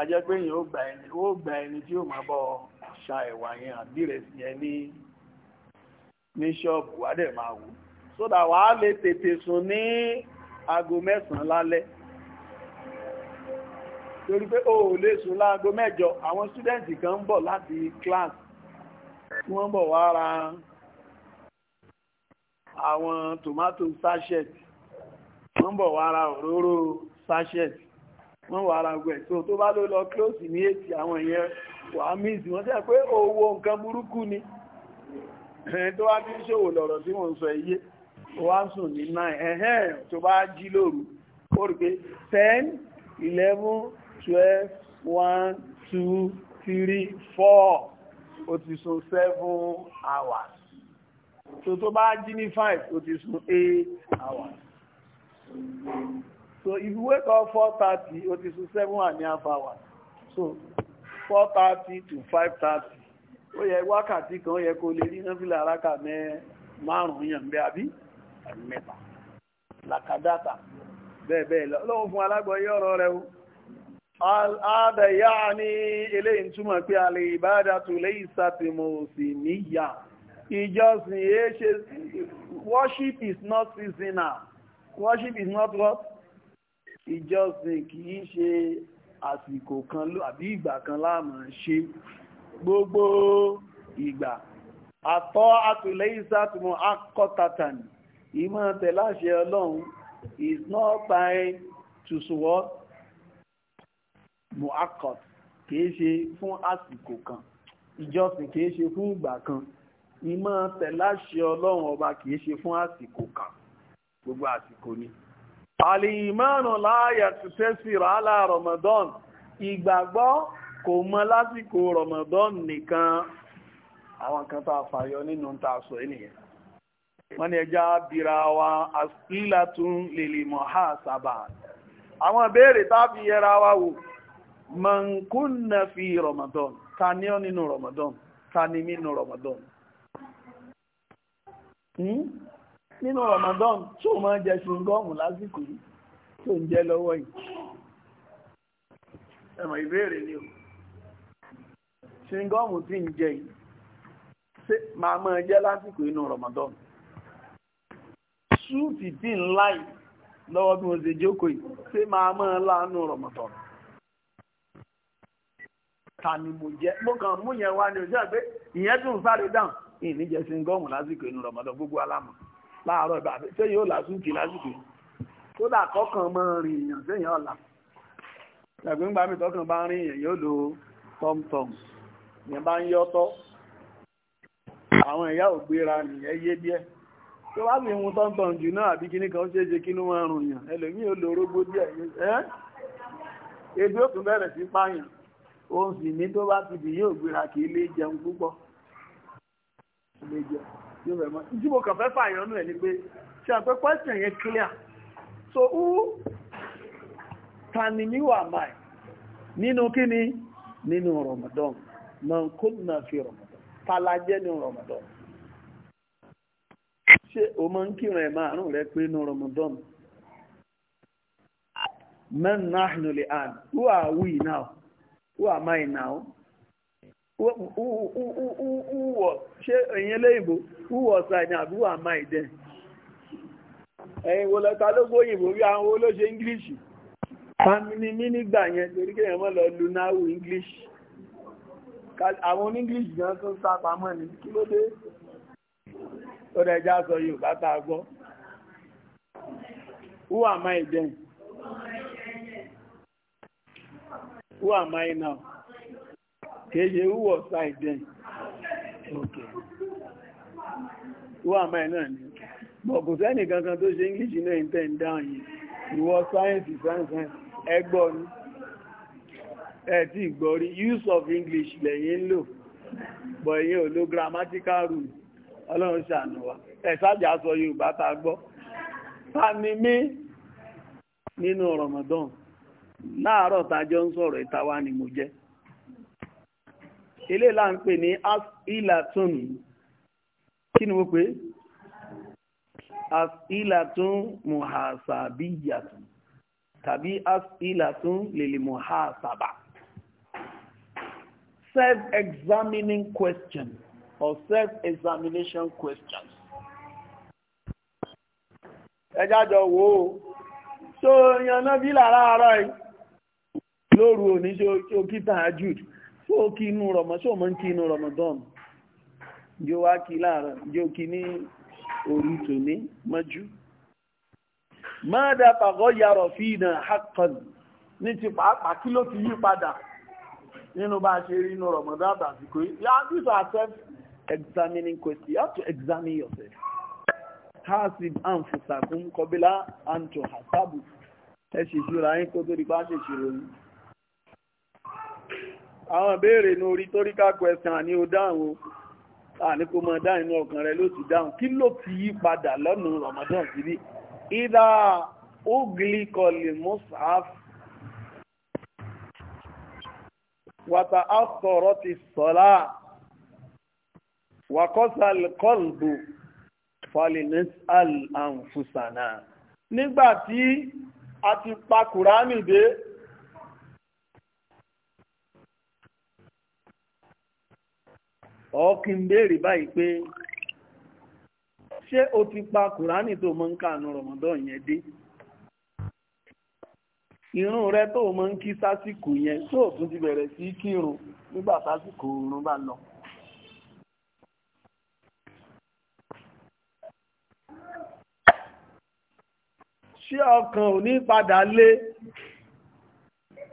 ajẹ́ pé yìí ó gba ẹni ó gba ẹni tí ó máa bọ́ ṣa ẹ̀wà yẹn àbí rẹ̀ sí ẹ ní ní ṣọ́ọ̀bù wà dẹ̀ máa wù sódà wàá lè tètè sùn ní aago mẹ́sàn-án lálẹ́ torí pé o ò lè sùn láago mẹ́jọ àwọn sítúdẹ̀ǹtì kan ń bọ̀ láti class tí wọ́n bọ̀ wá ra àwọn tomato sachet wọ́n bọ̀ wá ra òróró sachet wọ́n wà ara gbẹ̀ tó tó bá ló lọ close ní ètì àwọn èèyàn wà á mí ìsìn wọ́n tẹ́ pé owó nǹkan burúkú ni tó wá bí ṣòwò lọ̀rọ̀ tí wọ́n ń sọ iye wá sùn ní 9 ẹ̀hẹ́n tó bá jí lóru ó rí pé 10 11 12 1 2 3 4 ó ti sùn 7 hours tó tó bá jí ní 5 ó ti sùn 8 hours So if you wake up 4.30, ó ti sùn seven and a half hours. So 4.30 to 5.30. Ó yẹ wákàtí kan ó yẹ kó lè rí náfìlà aráka márùn-ún yàn bẹ́ àbí? Àbí mẹ́ta. Làkàdátà. Bẹ́ẹ̀ bẹ́ẹ̀ lọ. Ọlọ́run fún alágbọ̀ọ́yé ọ̀rọ̀ rẹ̀ o. Ààbẹ̀ yá eléyìí túmọ̀ pé alẹ́ ìbádàtù lẹ́yìn sátìmọ̀ sí níyà. Ìjọsìn èé worship is not seasonal. Worship is not what? ìjọsìn kì í ṣe àsìkò kan ló àbí ìgbà kan láàmú ṣe gbogbo ìgbà àtọ́ àtúlẹ̀ ìsàtúmọ̀ akọ́tàtàn ìmọ̀ tẹ̀láṣẹ ọlọ́run is not by to sowọ́ muakot kìí ṣe fún àsìkò kan ìjọsìn kìí ṣe fún ìgbà kan ìmọ̀ tẹ̀láṣẹ ọlọ́run ọba kìí ṣe fún àsìkò kan gbogbo àsìkò ni alìmọ́nù láàyà ti tẹ́sì ràálà Ramadan ìgbàgbọ́ kò mọ lásìkò Ramadan nìkan àwọn kan tó àfàyọ nínú ta sọ ènìyàn wọ́n ni ẹja bira wa asílà tún lèlè mọ̀ ha sábà àwọn ìbéèrè tábí yẹra wa wò mọ̀nkúnnà fi Ramadan ta nínú Ramadan ta Ramadan hmm? nínú Ramadan tó máa jẹ ṣùngọ́ọ̀mù lásìkò yìí tó ń jẹ lọ́wọ́ yìí ẹ̀mọ̀ ìbéèrè ni o ṣùngọ́ọ̀mù tí ń jẹ yìí máa máa jẹ lásìkò inú Ramadan ṣúùtì tí ń láì lọ́wọ́ bí mo ṣe jókòó yìí ṣé máa máa láàánú Ramadan ta ni mo jẹ mo kàn mú yẹn wá ní ojú àgbẹ̀ ìyẹn tún sáré dáhùn ìníjẹsìn gọ́ọ̀mù lásìkò inú Ramadan gbogbo alámọ̀ láàárọ̀ ìgbà sẹ́yìn ó làásùnkì lásìkò kódà kọ́kàn mọ́ rìn èèyàn sẹ́yìn ọ̀la ẹ̀gbẹ́ngbà mi tọ́kàn bá rìn èèyàn yóò lo tọ́mtọ́m ìyẹn bá ń yọ́tọ́ àwọn ìyá ò gbéra nìyẹn yé díẹ̀ tó bá sì ń mu tọ́ntọ̀n jù náà àbí kíní kan ṣeéṣe kí ní wọ́n rùn yàn ẹlòmí ò lóró gbó díẹ̀ ẹ́ ebi ó tún bẹ̀rẹ̀ sí páyàn ohun sì ní tó bá ti dì yóò gbéra kì í lè jẹun púpọ̀ yóò fẹ́ mọ́ tí so who tani mi wà máì nínú kí ni nínú Ramadan man kunna fi Ramadan talajẹ́ nínú Ramadan ṣé o máa ń kírun ẹ̀ márùn-ún pé nínú Ramadan man nahnu li'an who are we now who am I now wúwọ̀ ṣé ẹ̀yin eléyìnbó wúwọ̀ ṣàìní àbúwà àmà ìdẹ́n ẹ̀yin wo lọ́ta lógó òyìnbó rí àwọn owó ló ṣe ingilishi family mi nígbà yẹn torí kéèyàn mọ́ lọ lu náwó english àwọn oníngilishi gan tó sá pamọ́ ní kí ló dé ó dẹ̀ já sọ yorùbá tá a gbọ́ wúwọ̀ àmà ìdẹ́n wúwọ̀ àmà ìnáwó kèèyè who was right then okay who am I náà ni bọ̀ kò sẹ́nì kankan tó ṣe English náà in ten down yìí ìwọ sáyẹ̀nsì sáyẹ̀nsì ẹgbọ́ ni ẹ ti use of English lẹ́yìn ń lò bọ̀ èyàn ò lo grammatical rule ọlọ́run ṣàánú wa ẹ sájà sọ Yorùbá ta gbọ́ ta ni mí nínú Ramadan láàárọ̀ tá jọ ń sọ̀rọ̀ ìta wa ni mo jẹ́ eléyìí là ní asilatun kí ni mo pè asilatun muhasabiyatun tàbí asilatun lèlè muhasaba self-examining question or self-examination questions ẹjájọ wo tó yànnà bí làárọ̀ yìí lóru òní ṣe òkítà jude tó o kí inú rọ̀mọ́ ṣó mọ́ kí inú rọ̀mọ́dán jọ wá kí láàárọ̀ jọ kí ní òru tòní mọ́jú máa dá pàgọ́ yàrọ̀ fi ìnà hakan ní ti pàápàá kí ló ti yí padà nínú bá ṣe rí inú rọ̀mọ́dán àtàsìkò yìí these are self examining questions you have to examine yourself hasib anfusakum kọbílá anto hasabu ẹ ṣèṣirò ayín kó tó di pa ṣèṣirò yìí àwọn ìbéèrè ní orí tó rí káàkó ẹ̀sìn àní ó dáhùn o àní kó mọ dáhùn inú ọkàn rẹ ló ti dáhùn kí ló fi yí padà lọ́nà Ramadan sí bí ìdá oglikọlì musaf wàtà àtọ̀rọ̀ ti sọ́lá wàkọ́sàlì kọlbù falinis al-anfusana nígbàtí a ti pa kùránì dé ọ̀ọ́kí ń béèrè báyìí pé ṣé o ti pa kùránì tó mọ́ ń kànú rọ̀mọ́dọ́ yẹn dé ìrun rẹ tó mọ́ ń kí sásìkò yẹn tó tún ti bẹ̀rẹ̀ sí kírun nígbà sásìkò oorun bá lọ ṣé ọkàn ò ní padà lé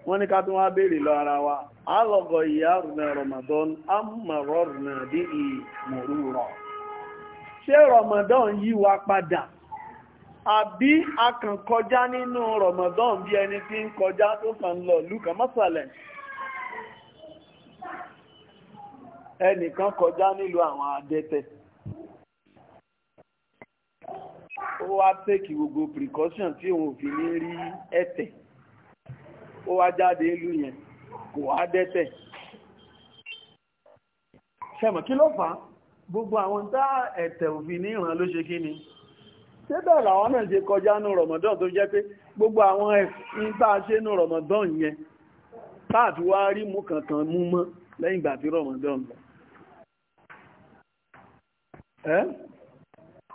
wọ́n ní ká tún wá béèrè lọ ara wa alọ́gọ̀ ìyá rùnà Ramadan amọ̀rọ̀ rùnà dí ìmọ̀rúrọ̀ ṣé Ramadan yí wa padà àbí a kàn kọjá nínú Ramadan bí ẹni tí ń kọjá tó kàn lọ lùkà mọ́sàlẹ̀ ẹnìkan kọjá nílùú àwọn adẹ́tẹ̀ ó wá tẹ́kì gbogbo precaution tí òun ò fi ní rí ẹ̀tẹ̀ ó wá jáde ìlú yẹn kò wá dẹ́tẹ̀ ṣẹmọ̀ kí ló fà á gbogbo àwọn tá ẹ̀tẹ̀ òfin ní ìran ló ṣe kí ni tẹ́bẹ̀ làwọn náà ṣe kọjá ní rọ̀mọ̀dán tó jẹ́ pé gbogbo àwọn ẹ̀fin tá ṣe ní rọ̀mọ̀dán yẹn táàtù wá rí mú kankan mú mọ́ lẹ́yìn ìgbà tí rọ̀mọ̀dán lọ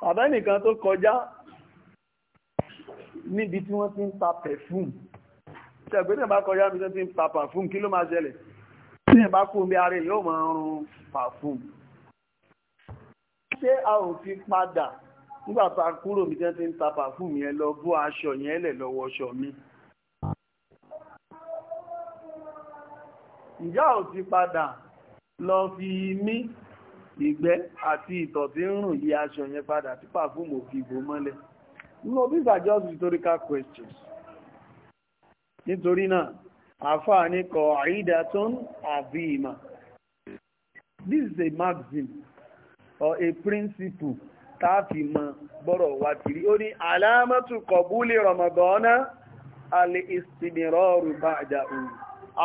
àbẹ́nìkan tó kọjá níbi tí wọ́n ti ń ta perfume tẹ̀gbẹ́ tẹ̀ bá kọjá mi tó ń pa pàfún kí ló máa ṣẹlẹ̀ tí ìbá kú bí ara yóò máa rún pàfún ṣé a ò fi padà nígbà tá a kúrò mi tẹ́ ń ta pàfún yẹn lọ bó aṣọ yẹn lẹ̀ lọ́wọ́ aṣọ mi ìjà ò ti padà lọ fi mí ìgbẹ́ àti ìtọ̀ tí ń rùn yí aṣọ yẹn padà tí pàfún mò fi bò mọ́lẹ̀ no these are just rhetorical questions nítorí náà àfáà ní kọ̀ àìdàtún àbí ìmà this is a maxim or a principle tààfi mọ bọ́rọ̀ wà tìrí ó ní alámọ́tù kọ̀búlé rọmọdọ́nà alẹ́ ìsìnirọ́rù bá àjà òun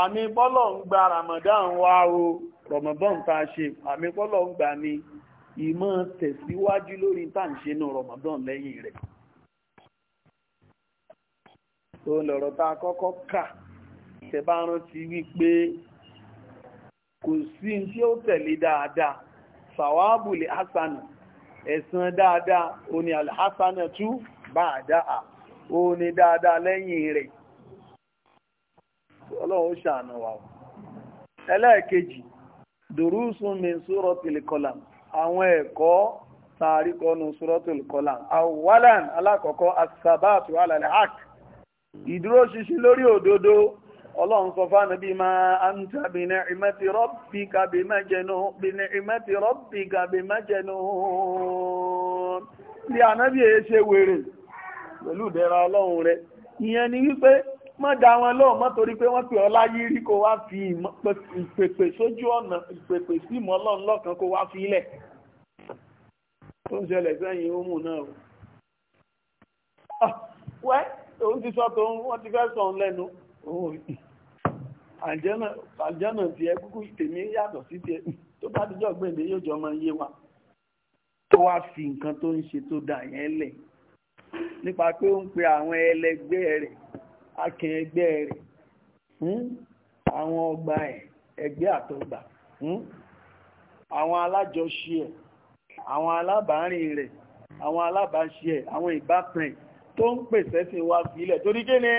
àmì bọ́lọ̀ ń gba ramadan wá o rọmọdọ́n tá a ṣe àmì bọ́lọ̀ ń gba ni ìmọ̀ tẹ̀síwájú lórí tá à lẹ́yìn rẹ̀ tó lọ̀rọ̀ tá a kọ́kọ́ kà tẹ́ bá rántí wípé kò sí tí ó tẹ̀lé dáadáa fàwábùlì hasanu ẹ̀san dáadáa ó ní alhassana tú ba'daha ó ní dáadáa lẹ́yìn rẹ̀ ọlọ́run ó ṣàánà wà ó ẹlẹ́ẹ̀kejì dùrúsùn min suratul qalam àwọn ẹ̀kọ́ tààríkọ́nù suratul qalam awalan alákọ̀ọ́kọ́ ìdúró ṣinṣin lórí òdodo ọlọ́run sọ fún ànábì máa anta bi ni'mati rabbika bi majnun bi ni'mati rabbika bi majnun bí ànábì èyí ṣe wèrè pẹ̀lú ìdẹ̀ra ọlọ́run rẹ̀ ìyẹn ni wípé má dá wọn lóhùn mọ́ torí pé wọ́n pè ọ́ láyé rí kó wá fi ìpèpè sójú ọ̀nà ìpèpè sí ìmọ̀ lọ́kàn kó wá fi tó ń ṣẹlẹ̀ sẹ́yìn ó mú náà ah, wẹ́ òun ti sọ tó wọ́n ti fẹ́ sọ òun lẹ́nu àjẹ́nà ti ẹ kúkú tèmi yàtọ̀ sí tiẹ̀ tó bá dijọ́ gbẹ̀dẹ̀ yóò jọ máa yé wa tó wá fi nǹkan tó ń ṣe tó dà yẹn lẹ̀ nípa pé ó ń pe àwọn ẹlẹgbẹ́ rẹ̀ akẹ́ ẹgbẹ́ rẹ̀ hmm, àwọn ọgbà ẹ̀ ẹgbẹ́ àtọgbà hmm, àwọn alájọṣe ẹ̀ àwọn alábàárìn rẹ̀ àwọn alábàáṣe ẹ̀ àwọn ìbátan ẹ̀ tó ń pèsè sí wa sílẹ̀ torí kí ni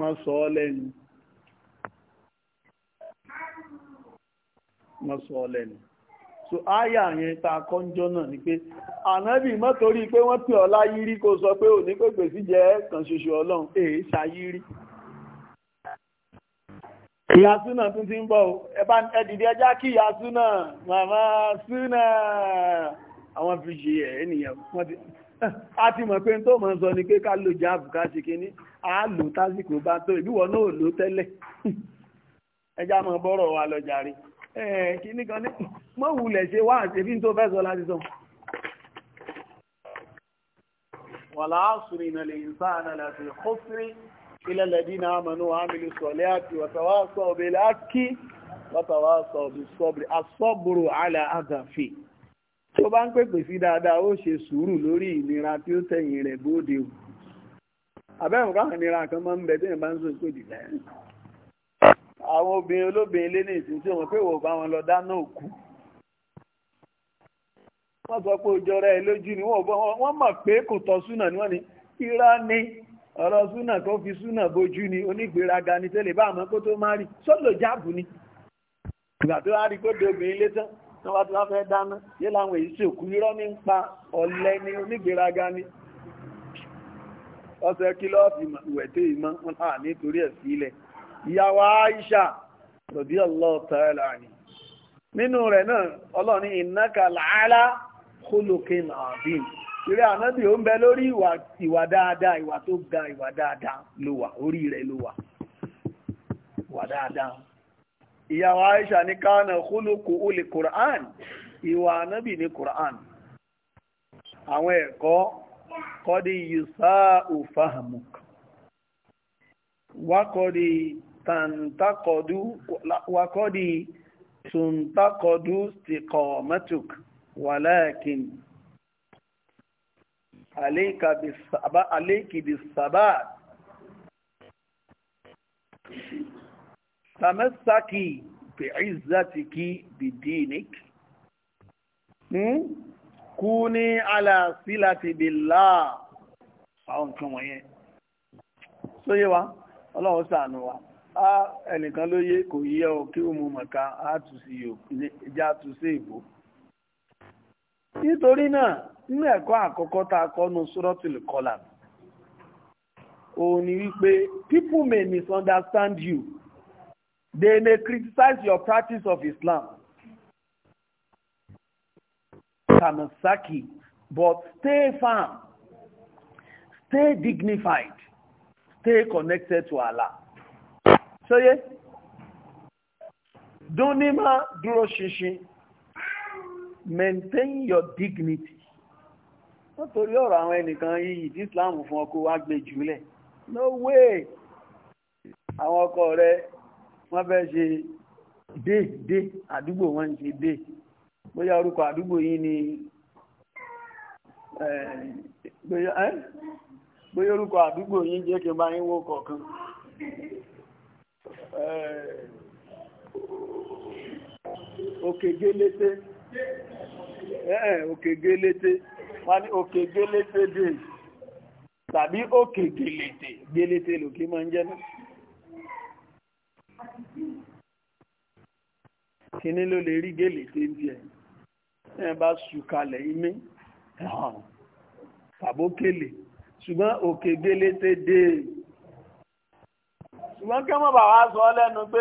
wọ́n sọ ọ́ lẹ́nu wọ́n sọ ọ́ lẹ́nu so áyà yẹn ta kọ́njọ́ náà ni pé ànábì mọ́ torí pé wọ́n pè ọ́ láyírí kó sọ pé òní pé gbèsè jẹ́ kan ṣoṣo ọlọ́run èé ṣayírí ìyá súnà tún ti ń bọ̀ ẹ̀bá ẹ̀dìdì ẹjá kí ìyá súnà màmá súnà àwọn fi ṣe ẹ̀ ènìyàn wọ́n a ti mọ̀ pé tó mọ̀ sọ ni pé ká lo jáàbù ká ṣe kínní a lò tásìkò bá tó ìbí wọn náà lò tẹ́lẹ̀ ẹja mọ̀ bọ́rọ̀ wa lọ jàre kínní kan ní mọ̀ wulẹ̀ ṣe wá àṣẹbí tó fẹ́ sọ láti sọ. wàlá àṣùrì ìnà lè sá àná láti kọ́sírí ilẹ̀ lẹ́dí náà mọ̀nú àmìlú sọ̀lẹ́ àti wàtàwá sọ̀bẹ̀ láti wàtàwá sọ̀bẹ̀ sọ̀bẹ̀ asọ́bùrù àlà àgàfẹ́. tó bá ń pèpè sí dáadáa ó ṣe sùúrù lórí ìnira tí ó tẹ̀yìn rẹ̀ bóde o àbẹ́rùn káwọn ìnira kan máa ń bẹ tí èèyàn bá ń sọ pé dìbẹ́ àwọn obìnrin olóbìnrin lé ní ìsìn wọn pé wò bá wọn lọ dáná òkú wọ́n sọ pé òjò rẹ̀ lójú ni wọ́n mọ̀ pé kò tọ́ súnà ni wọ́n ní irá ọ̀rọ̀ súnà fi súnà bójú ni onígbéraga ni tẹ́lẹ̀ bá ni ìgbà tó wá tí wọ́n ti wá fẹ́ dáná yé láwọn èyí sí òkú irọ́ ní ń pa ọ̀lẹ ní onígbèraga ní ọ̀sẹ̀ kílọ́ọ̀fì ìwẹ̀tẹ́ ìmọ̀ wọn à nítorí ẹ̀ sílẹ̀ ìyàwó Aisha rọ̀bí ọlọ́ọ̀tàrà ni ga wa wa. dáadáa ìyàwó Aisha ní káànà kúlùkù ulì Qur'an ìwà anábì ní Qur'an àwọn ẹ̀kọ́ kọ́dí yusa ufahamuk wakọ́dí tantakọ́dú wakọ́dí tuntakọ́dú stiqamatuk walakin alayki bis tàmẹ́sàkì bi'izzatiki bidinik hmm? kú ní aláàsílàtì billah àwọn nǹkan wọ̀nyẹn sóyé wa ọlọ́run ṣàánú wa a ẹnìkan ló yé kò yẹ ọ kí òun mọ̀ká a tù sí ìjà ìbò nítorí náà nínú ẹ̀kọ́ àkọ́kọ́ tá a kọ́ nu òun ni wípé people may misunderstand you They may criticize your practice of Islam. Kamasaki, but stay firm, stay dignified, stay connected to Allah. So yeah, Dunima dúró ṣinṣin, maintain your dignity. Wọ́n torí ọ̀rọ̀ àwọn ẹnìkan yìí tí Islam fún ọkọ̀ wá gbé jùlẹ̀. No way! Àwọn ọkọ rẹ̀ wọ́n fẹ́ ṣe dé dé àdúgbò wọn ṣe dé bóyá orúkọ àdúgbò yìí ni bóyá orúkọ àdúgbò yìí jẹ́ kí n bá yín kọ̀ọ̀kan òkègélété òkègélété wọ́n ní òkègélété dé tàbí gélété lòkè máa ń jẹ́ náà kíní ló lè rí gèlè tí ń bí ẹ̀ ẹ bá ṣùkalẹ̀ imé tàbókèlè ṣùgbọ́n òkè gèlè tẹ́ dé ṣùgbọ́n kí wọ́n bá wá sọ lẹ́nu pé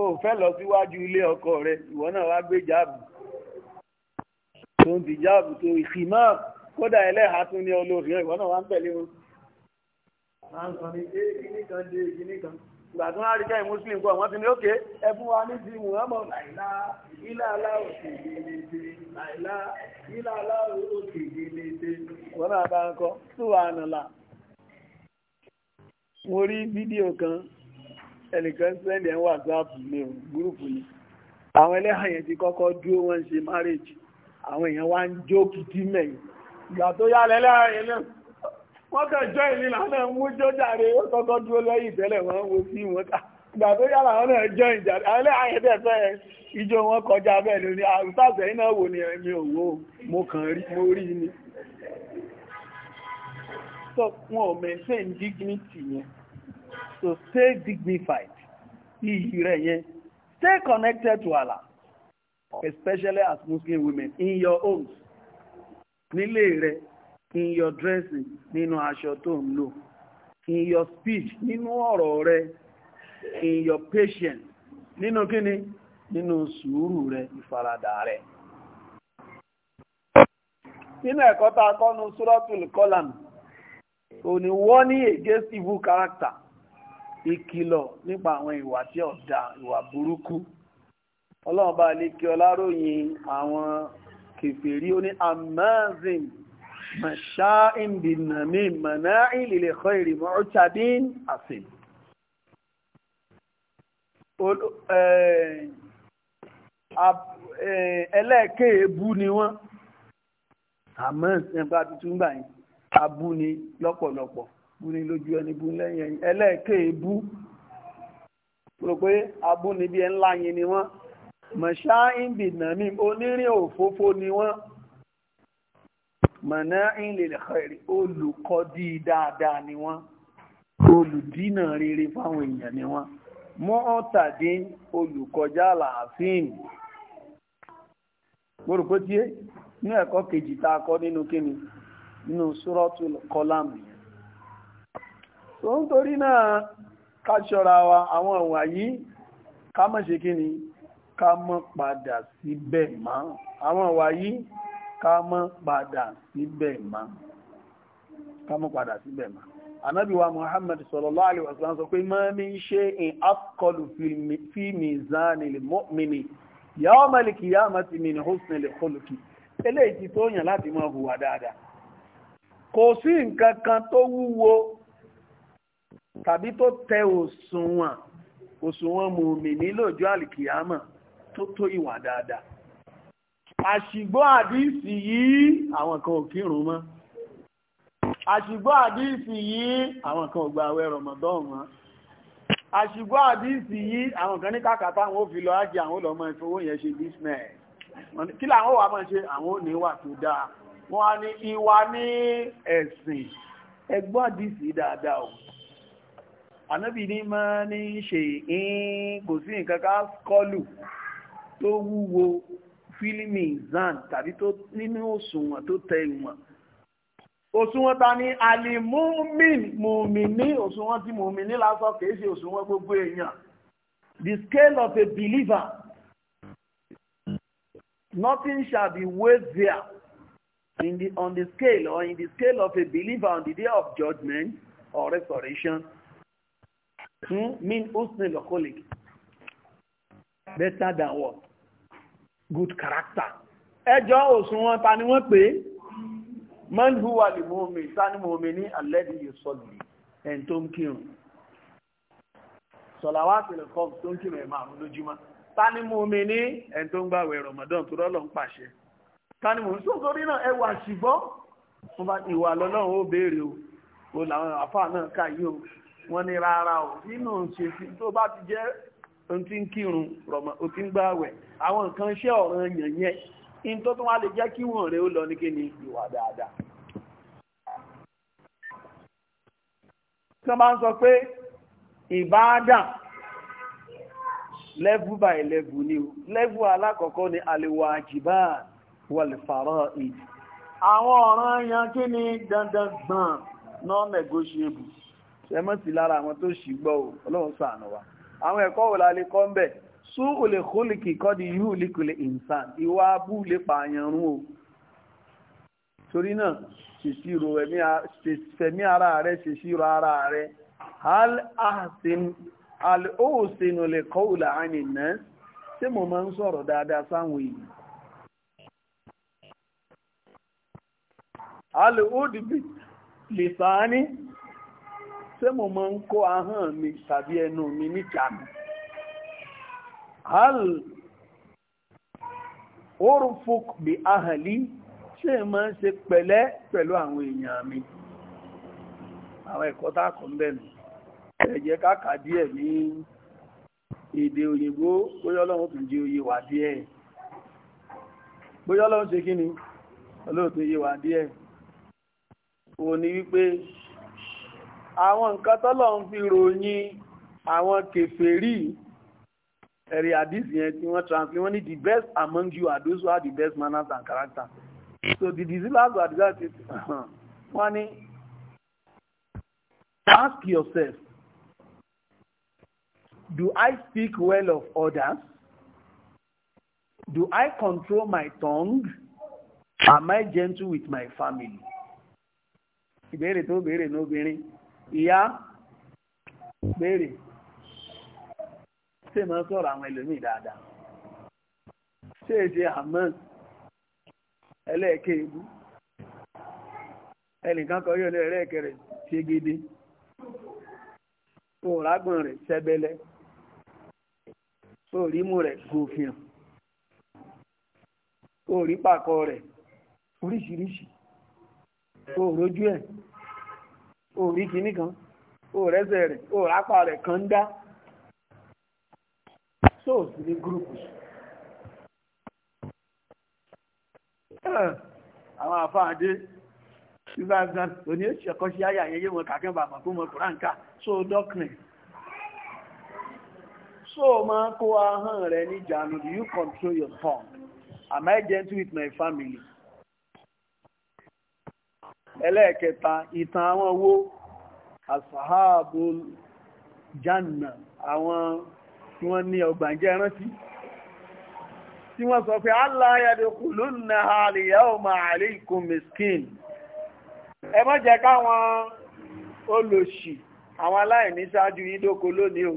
o fẹ́ lọ síwájú ilé ọkọ rẹ ìwọ náà wá gbé jáàbù tó ń di jáàbù tó ìfìmọ́ kódà ẹlẹ́ha tún ní olóòfin ìwọ náà wá ń tẹ̀lé wọn. ìgbà tó wá rí kẹ́yìn muslim kọ́ wọ́n ti ní òkè wa ní ti muhammad láìlá aláwọ̀ òkèdèlédè láìlá ilá aláwọ̀ òkèdèlédè wọ́n náà bá ń kọ́ mo rí fídíò kan ẹnìkan sẹ́ndì ẹ̀ ń whatsapp ní ni àwọn ẹlẹ́hàn yẹn ti kọ́kọ́ ṣe márèjì àwọn èèyàn wá ń jó ìgbà tó yá lẹ́lẹ́hàn yẹn náà wọ́n kàn ìlú làwọn mú jó jàre ó kọ́kọ́ dúró lẹ́yìn tẹ́lẹ̀ wọ́n wo sí wọn ká ìgbà tó yà làwọn náà jọ ìjàre àwọn ilé fẹ́ ijó wọn kọjá bẹ́ẹ̀ ni ní àrùtàṣẹ iná wo ni èmi ò mo kàn rí mo rí ni. so wọn ò maintain dignity yẹn so stay dignified iyì rẹ̀ yẹn stay connected to Allah especially as Muslim women in your homes nílé rẹ̀ in your dressing nínú aṣọ tó ń lò in your speech nínú ọ̀rọ̀ rẹ in your patience nínú kíni nínú sùúrù rẹ ìfaradà rẹ nínú ẹ̀kọ́ tá a kọ́nu suratul Qalam kò ní wọ́n ní against evil character ìkìlọ̀ nípa àwọn ìwà tí ọ̀dà ìwà burúkú ọlọ́run bá lè kí ọláròyìn àwọn kèfèrí ó ní amazing masha'in bin namim mana'i lil khairi mu'tabin asin ẹlẹ́ẹ̀kẹ́ ebú ni wọ́n àmọ́ ẹgbà tuntun gbà yín abú ni lọ́pọ̀lọpọ̀ bú ni lójú ẹni bú lẹ́yìn ẹ̀yìn ẹlẹ́ẹ̀kẹ́ ebú rò pé abú ni bí ẹ ńlá yín ni wọ́n mọ̀ṣáà ń mọ̀nà ìlèlè kẹrì olùkọ́dí dáadáa ni wọ́n olùdínà rere fáwọn èèyàn ni wọ́n mọ́ọ̀tàdín olùkọjá làáfíìn gbórùkó tí é ní ẹ̀kọ́ kejì tá a kọ́ nínú kíni nínú súrọ́tù kọlámù àwọn ìwà yìí ká padà síbẹ̀ mọ́ ká mọ́ padà síbẹ̀ mọ́ Ànábì wa Muhammad sallallahu alaihi wasallam sọ pé ma min shay'in afqalu fi mizanil mu'mini yawmal qiyamati min husnil khuluqi tó yàn láti máa hùwà dáadáa kò sí nǹkan kan tó wúwo tàbí tó tẹ òṣùwọ̀n òṣùwọ̀n mùmìnì lójú àlìkìyàmọ̀ tó tó ìwà dáadáa àṣìgbọ́ àdíìsì yìí àwọn kan ò kírun mọ́ àṣìgbọ́ àdíìsì yìí àwọn kan ò gba àwẹ̀ Ramadan mọ́ àṣìgbọ́ àdíìsì yìí àwọn kan ní kàkàtà àwọn ò fi lọ ájì àwọn olọ́mọ ìfowó yẹn ṣe business kí làwọn wà máa ṣe àwọn oníwà tó dáa wọ́n á ní ìwà ní ẹ̀sìn ẹgbọ́ àdíìsì dáadáa o ànábì ní máa ní ṣe ìhìn kò sí nǹkan ká kọlù tó wúwo fílímì zan tàbí tó nínú òṣùwọ̀n tó tẹ ìwọ̀n òṣùwọ̀n ta ni alimumin òṣùwọ̀n tí mùmìnì lásán kìí ṣe òṣùwọ̀n gbogbo èèyàn the scale of a believer nothing shall be weighed there in the on the scale or in the scale of a believer on the day of judgment or restoration hmm? mean husnul khuluq better than what good character ẹjọ́ òṣùwọ̀n ta ni wọ́n pè é man huwa lè mú omi ìsáni mú omi ní alẹ́dì yìí sọ́lì ẹ̀ tó ń kírun sọ̀làwà tẹ̀lẹ̀ kọ́ tó ń kírun ẹ̀ márùn lójúmọ́ ta ni mú omi ní ẹ̀ tó ń gbàwẹ̀ Ramadan tó rọ́lọ́ ń pàṣẹ ta ni mú sótórí náà ẹwà ṣùgbọ́n wọ́n bá ìwà lọ́lọ́run ó béèrè o o làwọn àfáà náà ká yìí o wọ́n ní rárá o nínú ṣèṣin tó bá ti jẹ́ o ti ń kírun rọ̀mọ̀ o ti ń gbààwẹ̀ àwọn nǹkan iṣẹ́ ọ̀ràn yẹ̀nyẹ́ in tó tún wá lè jẹ́ kí wọ́n rẹ̀ ó lọ ní kí ni ìwà dáadáa tó máa ń sọ pé ìbáadà lẹ́bù by lẹ́bù ni o lẹ́bù alákọ̀ọ́kọ́ ni àlèwà àjìbá wàlìfàrọ̀ ìdí àwọn ọ̀ràn yan kí ni dandan gbọ̀n non negotiable ṣẹmọ́sí lára àwọn tó ṣì gbọ́ ọlọ́run ṣàánú wa àwọn ẹ̀kọ́ wò lálẹ́ kọ́ ń bẹ̀ sú olè kólìkì kọ́ di yú líkulè ìǹsàn ìwà abú lè pààyàn rún o torí náà ṣèṣirò fẹ̀mí ara rẹ̀ ṣèṣirò ara rẹ̀ al-ohsinu lè kọ́ wò láàrin náà tí mo máa ń sọ̀rọ̀ dáadáa sáwọn èèyàn al-ohsinu lè sáà ní ṣé mo máa ń kó ahọ́n mi tàbí ẹnu mi níjànú hal orufuk bi ahali ṣé máa ń ṣe pẹ̀lẹ́ pẹ̀lú àwọn èèyàn mi àwọn ẹ̀kọ́ tá kọ́ ń bẹ̀nu ẹ̀jẹ̀ káàkà díẹ̀ ní èdè òyìnbó bóyá tún jẹ́ oyè wà díẹ̀ bóyá ṣe kí ni ọlọ́run tún wà díẹ̀ òní wípé àwọn nǹkan tọ́lọ̀ ń fi ròyìn àwọn kèfèrí ẹ̀rí àdìsí yẹn tí wọ́n translate wọ́n ní the best among you are those who have the best manners and character so the disciples were decided wọ́n ní ask yourself do I speak well of others do I control my tongue am I gentle with my family ìbéèrè tó béèrè ní obìnrin ìyá béèrè ṣe mọ́ sọ̀rọ̀ àwọn ẹlòmí dáadáa ṣe é ṣe àmọ́ ẹlẹ́ẹ̀kẹ́ ibú ẹnìkan kọ yóò ní ẹlẹ́ẹ̀kẹ́ rẹ̀ ṣe gidi òrágbọ̀n rẹ̀ ṣẹbẹlẹ́ òrímù rẹ̀ gòfin òrí pàkọ rẹ̀ oríṣiríṣi òrójú ẹ̀ ò rí kinní kan ò rẹ́sẹ̀ rẹ̀ ò rápá rẹ̀ kan ń dá sóòsì ní gúrùpù. àwọn àfáàdé ìgbàgbà òní èsì ẹ̀kọ́ sí ayà yẹyẹ wọn kàkẹ́ bàbà fún mọ kùránkà só dọ́kìnrin so máa kó ahọ́n rẹ̀ níjànú do you control your tongue am I gentle with my family ẹlẹ́ẹ̀kẹta ìtàn àwọn owó asahabul janna àwọn tí wọ́n ní ọgbàǹjẹ́ rántí tí wọ́n sọ pé aláyàdẹ̀kù na àlìyà ọmọ àríkù miskin ẹ má jẹ́ káwọn olóṣì àwọn aláìní ṣáájú ìdókò lónìí o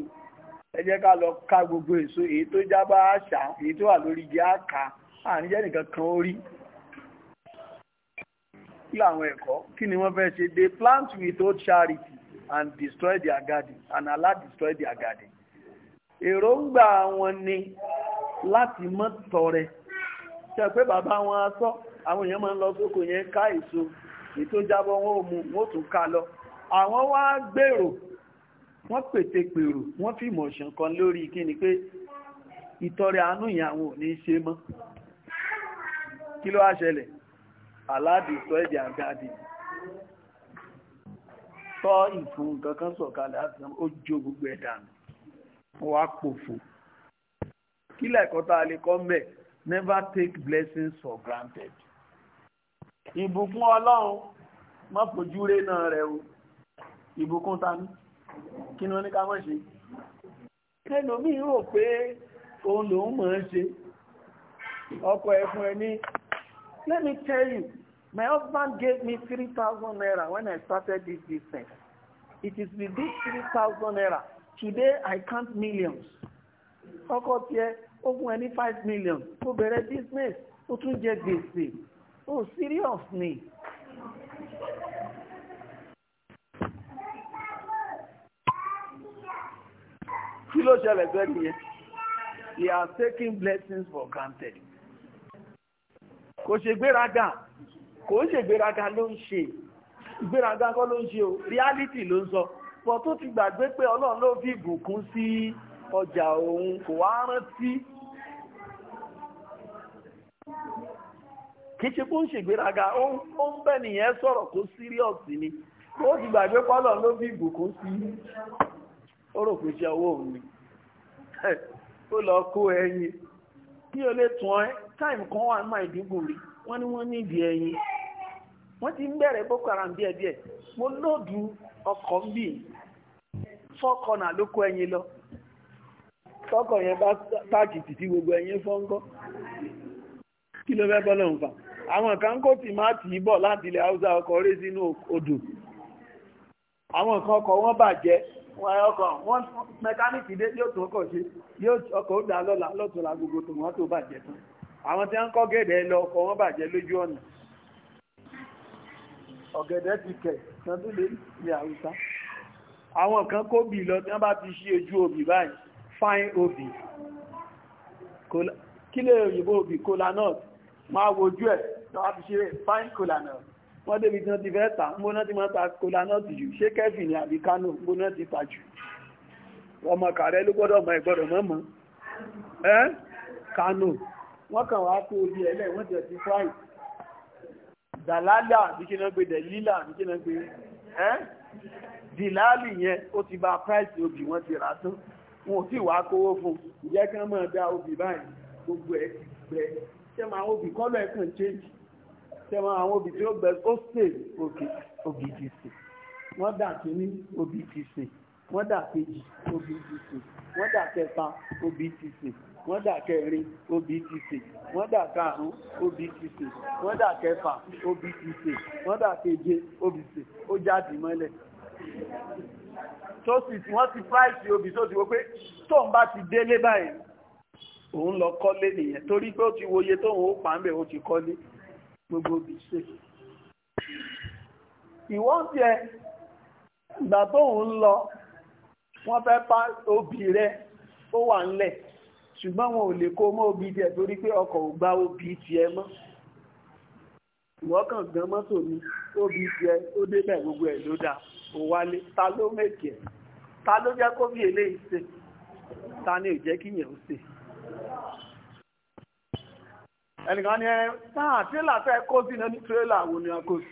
ẹ jẹ́ ká lọ ká gbogbo èso èyí tó jábá àṣà èyí tó wà lórí jẹ́ àkà àníjẹ́ nìkan kan orí particular àwọn ẹ̀kọ́ kí ni wọ́n fẹ́ ṣe they plant without charity and destroy their garden and Allah destroy their garden. èròǹgbà wọn ni láti mọ́ tọrẹ ṣe pé bàbá wọn á sọ àwọn èèyàn máa ń lọ sóko yẹn ká èso ètò jábọ̀ wọn ò mú wọn ò tún ká lọ àwọn wá gbèrò wọ́n pète pèrò wọ́n fi mọ̀ṣàn kan lórí kí ni pé ìtọrẹ àánú yẹn àwọn ò ní ṣe mọ́ kí ló wá ṣẹlẹ̀ Allah destroyed their garden tọ́ ìfún kankan sọ̀kalẹ̀ àti ó jó gbogbo ẹ̀dà wọn pòfò kí lẹ́kọ̀ọ́ tá a lè kọ́ mbẹ̀ never take blessings for granted ìbùkún ọlọ́run má fojú ré náà rẹ o ìbùkún ta kí ni wọ́n ní ká mọ̀ ṣe ẹlòmíì rò pé òun lòun mọ̀ ṣe ọkọ ẹ fún ẹ ní let me tell you, my husband gave me 3,000 naira when I started this business. It is with this 3,000 naira. Today, I count millions. Ọkọ tiẹ̀, ó fún ẹ ní 5 million. Ó bẹ̀rẹ̀ business, ó tún this thing. Oh, serious ni. Kí ló ṣẹlẹ̀ fẹ́ nìyẹn? They are taking blessings for granted. kò ṣe gbéraga kò ṣe gbéraga ló ń ṣe ìgbéraga kọ́ ló ń ṣe o reality ló ń sọ pọ̀ tó ti gbàgbé pé ọlọ́run ló fi ìbùkún sí ọjà òun kò wá rántí kìí ṣe kó ń ṣègbéraga ó ń bẹ́ nìyẹn sọ̀rọ̀ kó síríọ̀sì ni ó ti gbàgbé pọ́lọ̀ ló bí ìbùkún sí ó rò pé ṣe owó òun ni ó lọ kó ẹyin kí o lè tún ẹ́ time kan wà máa ìdígùn rí wọ́n ní wọ́n ẹyin ti ń bẹ̀rẹ̀ boko haram díẹ̀ díẹ̀ mo lóòdù ọkọ̀ ń bì fọ́kọ̀ náà ló kó ẹyin lọ fọ́kọ̀ yẹn bá títí gbogbo ẹyin fọ́ńkọ́ kí ló fẹ́ bọ́lọ̀ ń àwọn kan kó tì máa tì í bọ̀ láti ilẹ̀ haúsá ọkọ̀ rẹ̀ sínú odò àwọn kan ọkọ̀ wọn bàjẹ́ mẹkáníìkì dé yóò ọkọ̀ ṣe yóò ọkọ̀ ó dá lọ́la lọ́tọ̀ọ̀la gbogbo bàjẹ́ tán àwọn tí wọ́n ń kọ́ gẹ̀dẹ̀ lọ ọkọ̀ wọn bàjẹ́ lójú ọ̀nà ọ̀gẹ̀dẹ̀ ti kẹ̀ kan tó lè ní àrùsá àwọn kan kó bì lọ tí wọ́n bá ti ṣí ojú obì báyìí fine obì kílẹ̀ òyìnbó obì kola nut máa wojú ẹ̀ tó wá fi ṣe fine kola nut wọ́n débi tí wọ́n ti fẹ́ tà mbóná tí wọ́n ta kola nut jù ṣé kẹ́fì ni àbí kánò mbóná ti tà jù ọmọ kàrẹ́ ló gbọ́dọ̀ mọ̀ ẹ̀ gbọ́dọ̀ mọ̀ mọ̀ ẹ́ kánò wọ́n kàn wá kó orí ẹlẹ́ wọ́n jẹ́ ti fáì dàlálà bí kí náà gbé dẹ̀lílà bí kí náà gbé ẹ́ dìláàlì yẹn ó ti bá price obì wọ́n ti rà tán wọn ò tí wàá kówó fún ìjẹ́ kí wọ́n máa dá obì báyìí gbogbo ẹ̀ ti gbẹ ṣé máa àwọn obì kọ́lọ̀ ẹ̀ kàn change ṣé máa àwọn obì tí ó gbẹ ó sè obì ti sè wọ́n dà kíní obì ti sè wọ́n dà kejì obì ti sè wọ́n dà kẹta obì ti sè wọ́n dà kẹrin obtc wọ́n dà karùn-ún obtc wọ́n dà kẹfà obtc wọ́n dà keje obtc ó jáde mọ́lẹ̀ tó sì tí wọ́n ti fáìsì obì tó ti wo pé tóun bá ti délé báyìí òun lọ kọ́lé nìyẹn torí pé ó ti woye tóun ó pa ń bẹ̀ ó ti kọ́lé gbogbo obì ṣe ìwọ́n ìgbà tóun lọ wọ́n fẹ́ pa obì rẹ̀ ó wà ńlẹ̀ ṣùgbọ́n wọn ò lè kó mọ́ òbí tiẹ̀ torí pé ọkọ̀ ò gbá òbí tiẹ̀ mọ́ ìwọ́kàn gan mọ́tò ni òbí tiẹ̀ ó débẹ̀ gbogbo ẹ̀ ló dáa ò wálé ta ló mèkì ẹ̀ ta ló jẹ́ kó bí eléyìí ṣe ta ni ò jẹ́ kí yẹn ó ṣe. ẹnìkan ni ẹ náà ah, tírélà fẹ́ kó sí ní tírélà wo ni a kó sí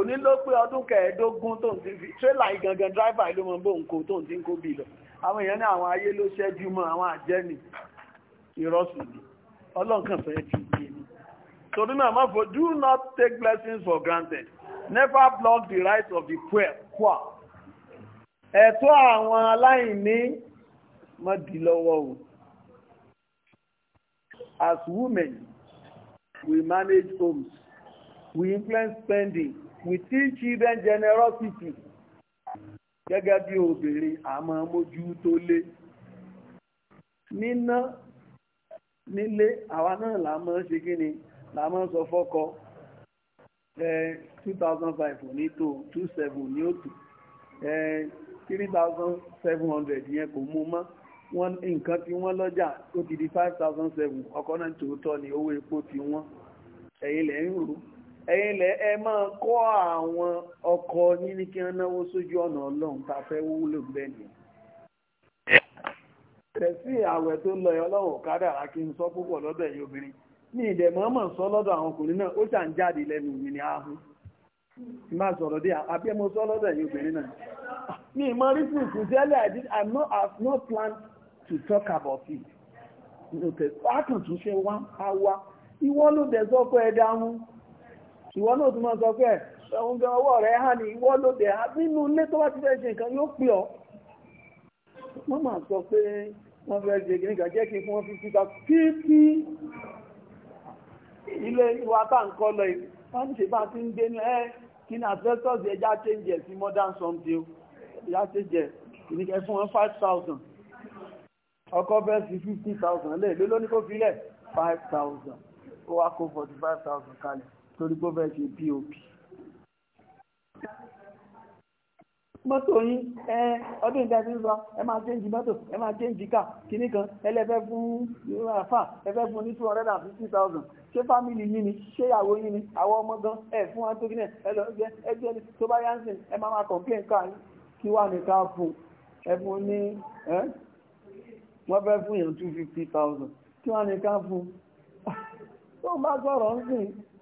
òní ló pé ọdún kẹẹ̀ẹ́dógún tó ń ti fi tírélà igangan dráìvà ló mọ bóun kó tó ń ti ń kó bí lọ àwọn èèyàn ní àwọn ayé ló ṣẹ́jú mọ́ àwọn àjẹ́ni ìrọ́sì ni ọlọ́nkàn fẹ́ ti yé ni torí náà má fò do not take blessings for granted never block the right of the poor ẹ̀tọ́ àwọn aláìní má dí lọ́wọ́ o as women we manage homes we influence spending we teach children generosity gẹ́gẹ́ bí obìnrin àmọ́ mójú tó lé níná nílé àwa náà là máa ṣe kí ni là máa sọ fọ́kọ two thousand five ní tó two seven ní òtù ẹ three thousand seven hundred yẹn kò mú mọ́ wọ́n nǹkan tí wọ́n lọ́jà ó ti di five thousand seven ọkọ náà tòótọ́ ni owó epo ti wọ́n ẹ̀yin lẹ́yìn rò ó. ẹ̀yin ilẹ̀ ẹ máa kọ́ àwọn ọkọ yín kí wọ́n náwó sójú ọ̀nà ọlọ́run tá a fẹ́ wúlò ni. tẹ̀sí àwẹ̀ tó lọ ọlọ́run ọ̀kadà kí n sọ púpọ̀ lọ́dọ̀ ẹ̀yin obìnrin ní ìdẹ̀mọ́ mọ̀ sọ lọ́dọ̀ àwọn ọkùnrin náà ó ṣà jáde lẹ́nu mi ní ahun máa sọ̀rọ̀ dé àbí have to talk about it wá wá ìwọ ló dẹ̀ ìwọ náà tún máa sọ pé ẹ̀hún gan ọwọ́ rẹ̀ hàn ní ìwọ lóde nínú ilé tó bá ti fẹ́ ṣe nǹkan yóò pè ọ́ wọ́n máa sọ pé wọ́n fẹ́ ṣe kí nìkan jẹ́ kí fún wọn fi síta fífí ilé ìwà tá ń kọ́ lọ yìí wọ́n ṣe bá ti ń gbé ní ẹ́ kí ní asbestos ẹja change ẹ̀ sí modern something ẹja change ẹ̀ kì ní kẹ́ fún wọn five thousand ọkọ̀ fẹ́ sí fifty thousand lẹ́ẹ̀ lólóníkó fi lẹ̀ five thousand ó wá kó forty five thousand kalẹ̀ torí pé ó fẹ́ ṣe pop mọ́tò yín ẹ ọdún ìdájí ń sọ ẹ máa change mọ́tò ẹ máa change car kìíní kan ẹlẹ́fẹ́ fún àfà ẹfẹ́ fún ní two hundred and fifty thousand ṣé fámìlì yín ni ṣé ìyàwó yín ni àwọn ọmọ gan ẹ fún wọn tó kílẹ̀ ẹ lọ jẹ ẹ jẹ ní tó bá yánsì ẹ máa máa complain car kí wà ní car fún ẹ fún ní ẹ wọ́n fẹ́ fún yẹn two fifty thousand kí wà ní car fún tó bá sọ̀rọ̀ ń sìn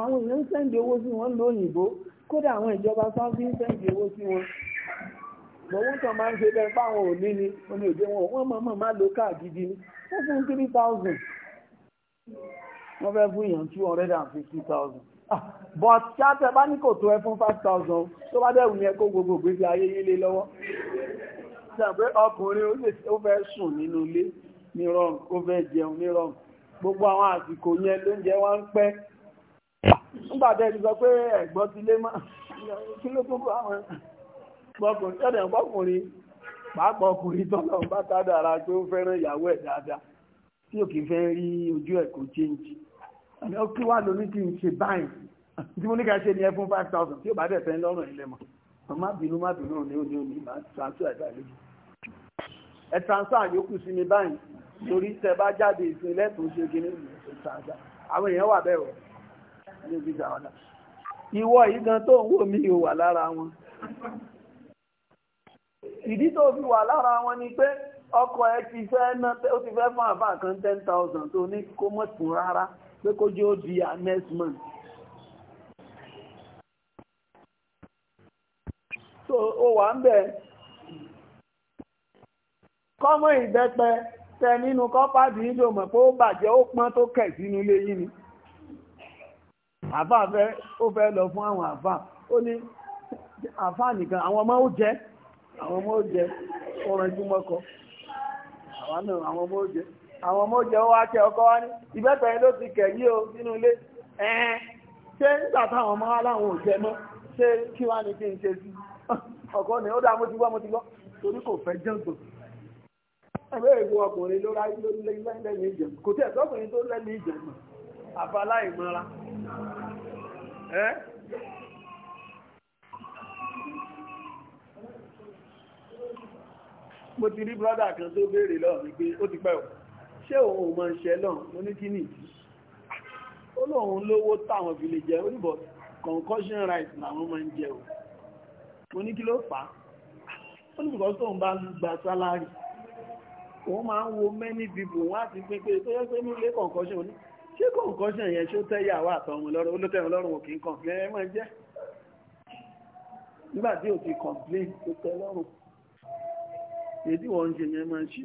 àwọn èèyàn ń sẹ́ǹdì owó sí wọn lóyìnbó kódà àwọn ìjọba sáfí ń sẹ́ǹdì owó sí wọn lọ́wọ́ tó máa ń ṣe bẹ́ẹ̀ fáwọn òní ni omi òde wọn wọ́n mọ̀ mọ̀ máa lo káàdì ni fún three wọ́n fẹ́ fún èèyàn two ah, but ṣáàtẹ̀ bá ní kò tó ẹ fún five thousand tó bá dẹ̀ ní ẹkọ́ gbogbo gbèsè ayé yílé lọ́wọ́ ṣàpẹ́ ọkùnrin ó fẹ́ sùn nínú ilé ní rọrùn ó fẹ́ jẹun ní rọrùn gbogbo àwọn àsìkò yẹn lóúnjẹ wọn ń pẹ́ nígbàtẹ́ ti sọ pé ẹ̀gbọ́n ti lé mọ́ kí ló tó bá wọn gbọ́kùnrin tẹ́lẹ̀ gbọ́kùnrin pàápàá ọkùnrin tọ́lọ̀ bá tádàra tó fẹ́ràn ìyàwó ẹ̀ dáadáa tí ò kì í fẹ́ rí ojú ẹ̀ kò chéńjì àmì ó kí wà lóní kí n ṣe báyìí tí mo ní ká ṣe ni ẹ five thousand tí ó bá dẹ̀ fẹ́ lọ́rùn ilé mọ̀ má bínú má bínú òní òní òní má transfer ẹ̀ báyìí ẹ transfer yòókù sí mi báyìí torí tẹ bá jáde ìsìn lẹ́tọ̀ọ́ ṣe kí ní àwọn èèyàn wà bẹ́ẹ̀ wọ̀ níbi ìdáwọ́dá ìwọ ìgan tó ń wò mí ò wà lára wọn ìdí tó fi wà lára wọn ni pé ọkọ ẹ ti fẹ́ ná ó ti fẹ́ fún àbá kan ten thousand tó ní kó mọ̀ tún rárá pé kó jẹ́ ó di next month so ó wà ń bẹ̀ kọ́mọ ìbẹ́pẹ tẹ nínú kọ́pàdì ìdòmọ̀ pé ó bàjẹ́ ó pọ́n tó kẹ̀ sínú ilé yìí ni àfá fẹ́ ó fẹ́ lọ fún àwọn àfá ó ní àfá nìkan àwọn ọmọ ó jẹ́ àwọn ọmọ ó jẹ́ ọ̀rọ̀ ọmọ ó jẹ́ àwọn ọmọ ó jẹ́ wá kẹ́ ọkọ wá ní ìbẹ́pẹ̀ ló ti kẹ̀ yí o nínú ilé ẹ̀ẹ́n ṣé nígbà táwọn ọmọ aláwọn ò jẹ mọ́ ṣé kí wá ní kí n ṣe sí ọkọ ni ó dá mo ti gbọ́ ọkùnrin ló ráyé lórí lẹ́yìn ìjẹ̀mù kò tẹ̀ sọ́kùnrin tó lẹ́yìn ìjẹ̀mù àbáláìmọ́ra ẹ́ mo ti rí brọ́dà kan tó béèrè lọ́wọ́ mi pé ó ti pẹ́ ṣé òun ò mọ̀ ṣẹ́ mo ní kí nìdí ó lóun lówó táwọn fi lè jẹ oníbọ̀ concussion rice làwọn máa ń jẹ o mo ní kí ló fà á ó ní bùkọ́ tóun bá gba sálárì òun máa ń wo many people wọ́n á ti pín pé tó yẹ pé nílé concussion ṣé kò ń kọ́ṣẹ̀ yẹn ṣó tẹ́yàwó àtọmọ lọ́rùn olótẹ́wọn lọ́rùn òkè ń kọ̀ǹplé ẹ máa jẹ́ nígbà tí ò ti kọ̀ǹplé tó tẹ́ lọ́rùn èdè wọ́n ń ṣe yẹn máa ṣe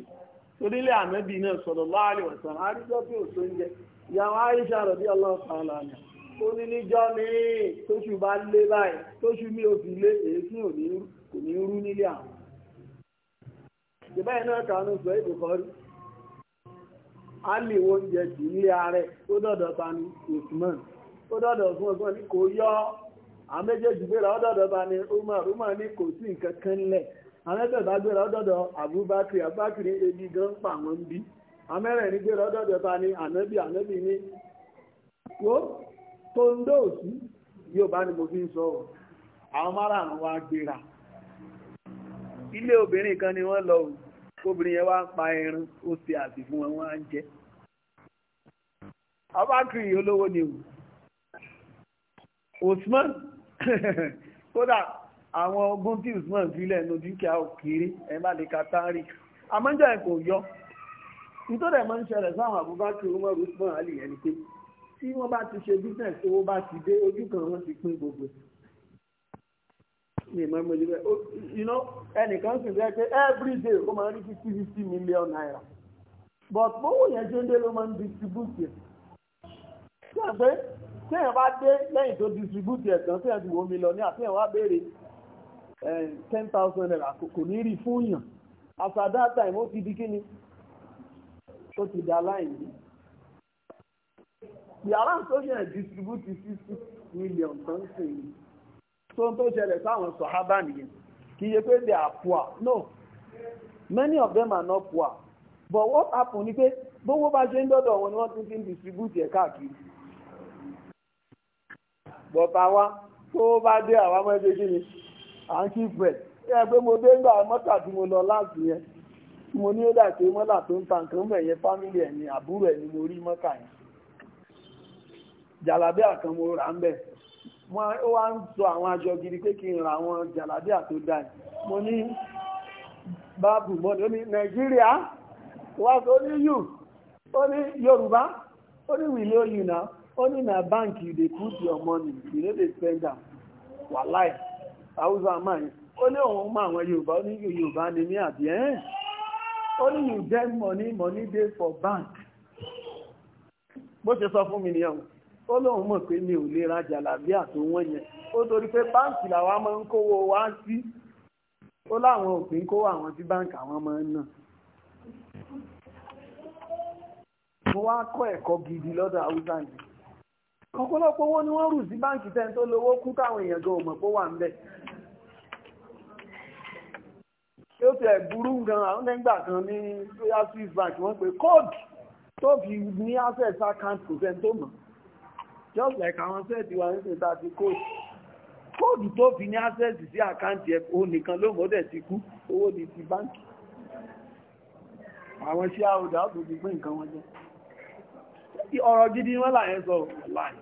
torílé àmẹ́bí náà sọ̀rọ̀ láàrin ọ̀sán àríjọ́ tí ò tó ń jẹ ìyàwó àìṣà rọ̀bí ọlọ́ọ̀kan lànà ó ní níjọ́ ní tóṣù bá lé báyìí tóṣù ní òbí lé èéfín kò ní rú nílé àwọn ìbáyìí náà kàánú sọ èdè kan rí Ali oúnjẹ sí ilé ààrẹ ó dọ̀dọ̀ ta ni Usman ó dọ̀dọ̀ fún ọgbọ́n ní kò yọ àwọn méjèèjì gbéra ó Umar Umar ní kò sí nǹkan kan lẹ̀ àwọn mẹ́tẹ̀ẹ̀ta gbéra ó dọ̀dọ̀ Abubakar Abubakar ebi gan pa àwọn ń Anabi Anabi ní wo tó ń dóòsí yóò bá ní mo fi sọ àwọn márààrún wa gbéra ilé obìnrin kan ni wọ́n lọ obìnrin yẹn wá ń pa ẹran ó fún wọn á abákiri olówó ni o Usman kódà àwọn ogún tí Usman fílẹ̀ ní dúkìá òkèrè ẹ̀mà lè ka tánrí àmọ́jọ́ ẹ̀ kò yọ nítorí ẹ̀ máa ń ṣẹlẹ̀ sáwọn Abubakar Umar Usman Ali ẹni pé tí wọ́n bá ti ṣe business owó bá ti dé ojú kan wọ́n ti pín gbogbo ní ẹnìkan sì rẹ́ pé every day ó máa ń rí fifty fifty million naira but bówó yẹn ṣe ń dé ló máa ń distribute ṣé ẹ̀ pé téèyàn bá dé lẹ́yìn tó distribute ẹ̀tàn téèyàn ti wò mí lọ ní àtẹ́yàn wá béèrè ten thousand naira kò ní rí fún yàn after that time ó ti di kíni ó ti di aláìní yàrá tó yàn distribute sixty million tán sí i tó ń tó ṣẹlẹ̀ sáwọn sọ̀hábà nìyẹn kì í ṣe pé they are poor no many of them are not poor but what happen ni pé gbogbo bá ṣe ń dọ́dọ̀ wọn ni wọ́n ti ń distribute ẹ̀ káàkiri. bọ̀tà wa tó bá dé àwọn ọmọ ẹgbẹ́ kíni à ń kí fẹ̀ ẹ pé mo dé ńgbà mọ́tà tí mo lọ láti yẹn tí mo ní ó dà mọ́tà tó ń ta nǹkan mọ̀ yẹn fámìlì ẹ̀ ni àbúrò ẹ̀ ni mo rí mọ́tà yẹn jàlábí àkàn mo rà ń bẹ̀ wọ́n ó wá ń sọ àwọn aṣọ gidi pé kí n ra àwọn jàlábí àtó mo only na bank you dey put your money you no dey spend am ni eh? you get money money dey for bank sọ fún mi nìyẹn ó lóun mọ̀ pé mi ò lè rajà yẹn ó torí pé báǹkì ń kówó wá sí ó láwọn òfin kówó àwọn tí báǹkì àwọn ń mo wá kọ ẹ̀kọ́ gidi lọ́dọ̀ haúsá yìí ọ̀pọ̀lọpọ̀ owó ni wọ́n rù sí báǹkì tẹ́ tó lówó kú táwọn èèyàn gan ọmọ pó wà ń bẹ̀ yóò tẹ̀ burú gan àwọn nígbà kan ní royal swiss bank wọ́n pe kóòdù tó fi ní access account kò tó mọ̀ just like àwọn sẹ́ẹ̀tì wa ní sèta ti kóòdù kóòdù tó fi ní access sí àkáǹtì ẹ̀ o nìkan ló mọ̀ ti kú owó ni ti báǹkì àwọn iṣẹ́ àwòdà ó tó ti pín nǹkan wọn jẹ́ ọ̀rọ̀ gidi wọ́n láyẹn sọ láì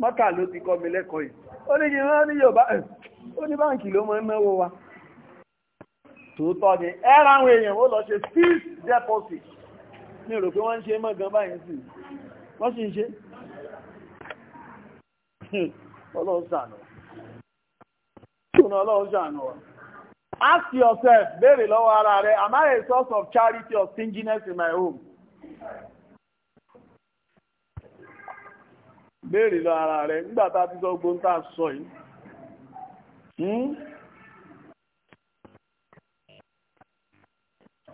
mọ́kà ti kọ́ mi lẹ́kọ̀ọ́ yìí ó ní gidi wọ́n ní Yorùbá eh, ó ní báǹkì ló mọ́ náwó wa tòótọ́ ni ẹ́ra àwọn èèyàn ó lọ ṣe fixed deposit ní rò pé wọ́n ń ṣe mọ́ gan báyìí sí wọ́n sì ń ṣe ọlọ́run ṣàánú ọ wa ask yourself béèrè lọ́wọ́ ara rẹ̀ am I a béèrè lọ ara rẹ̀ nígbà tá a ti sọ gbóhùn tá a sọ yìí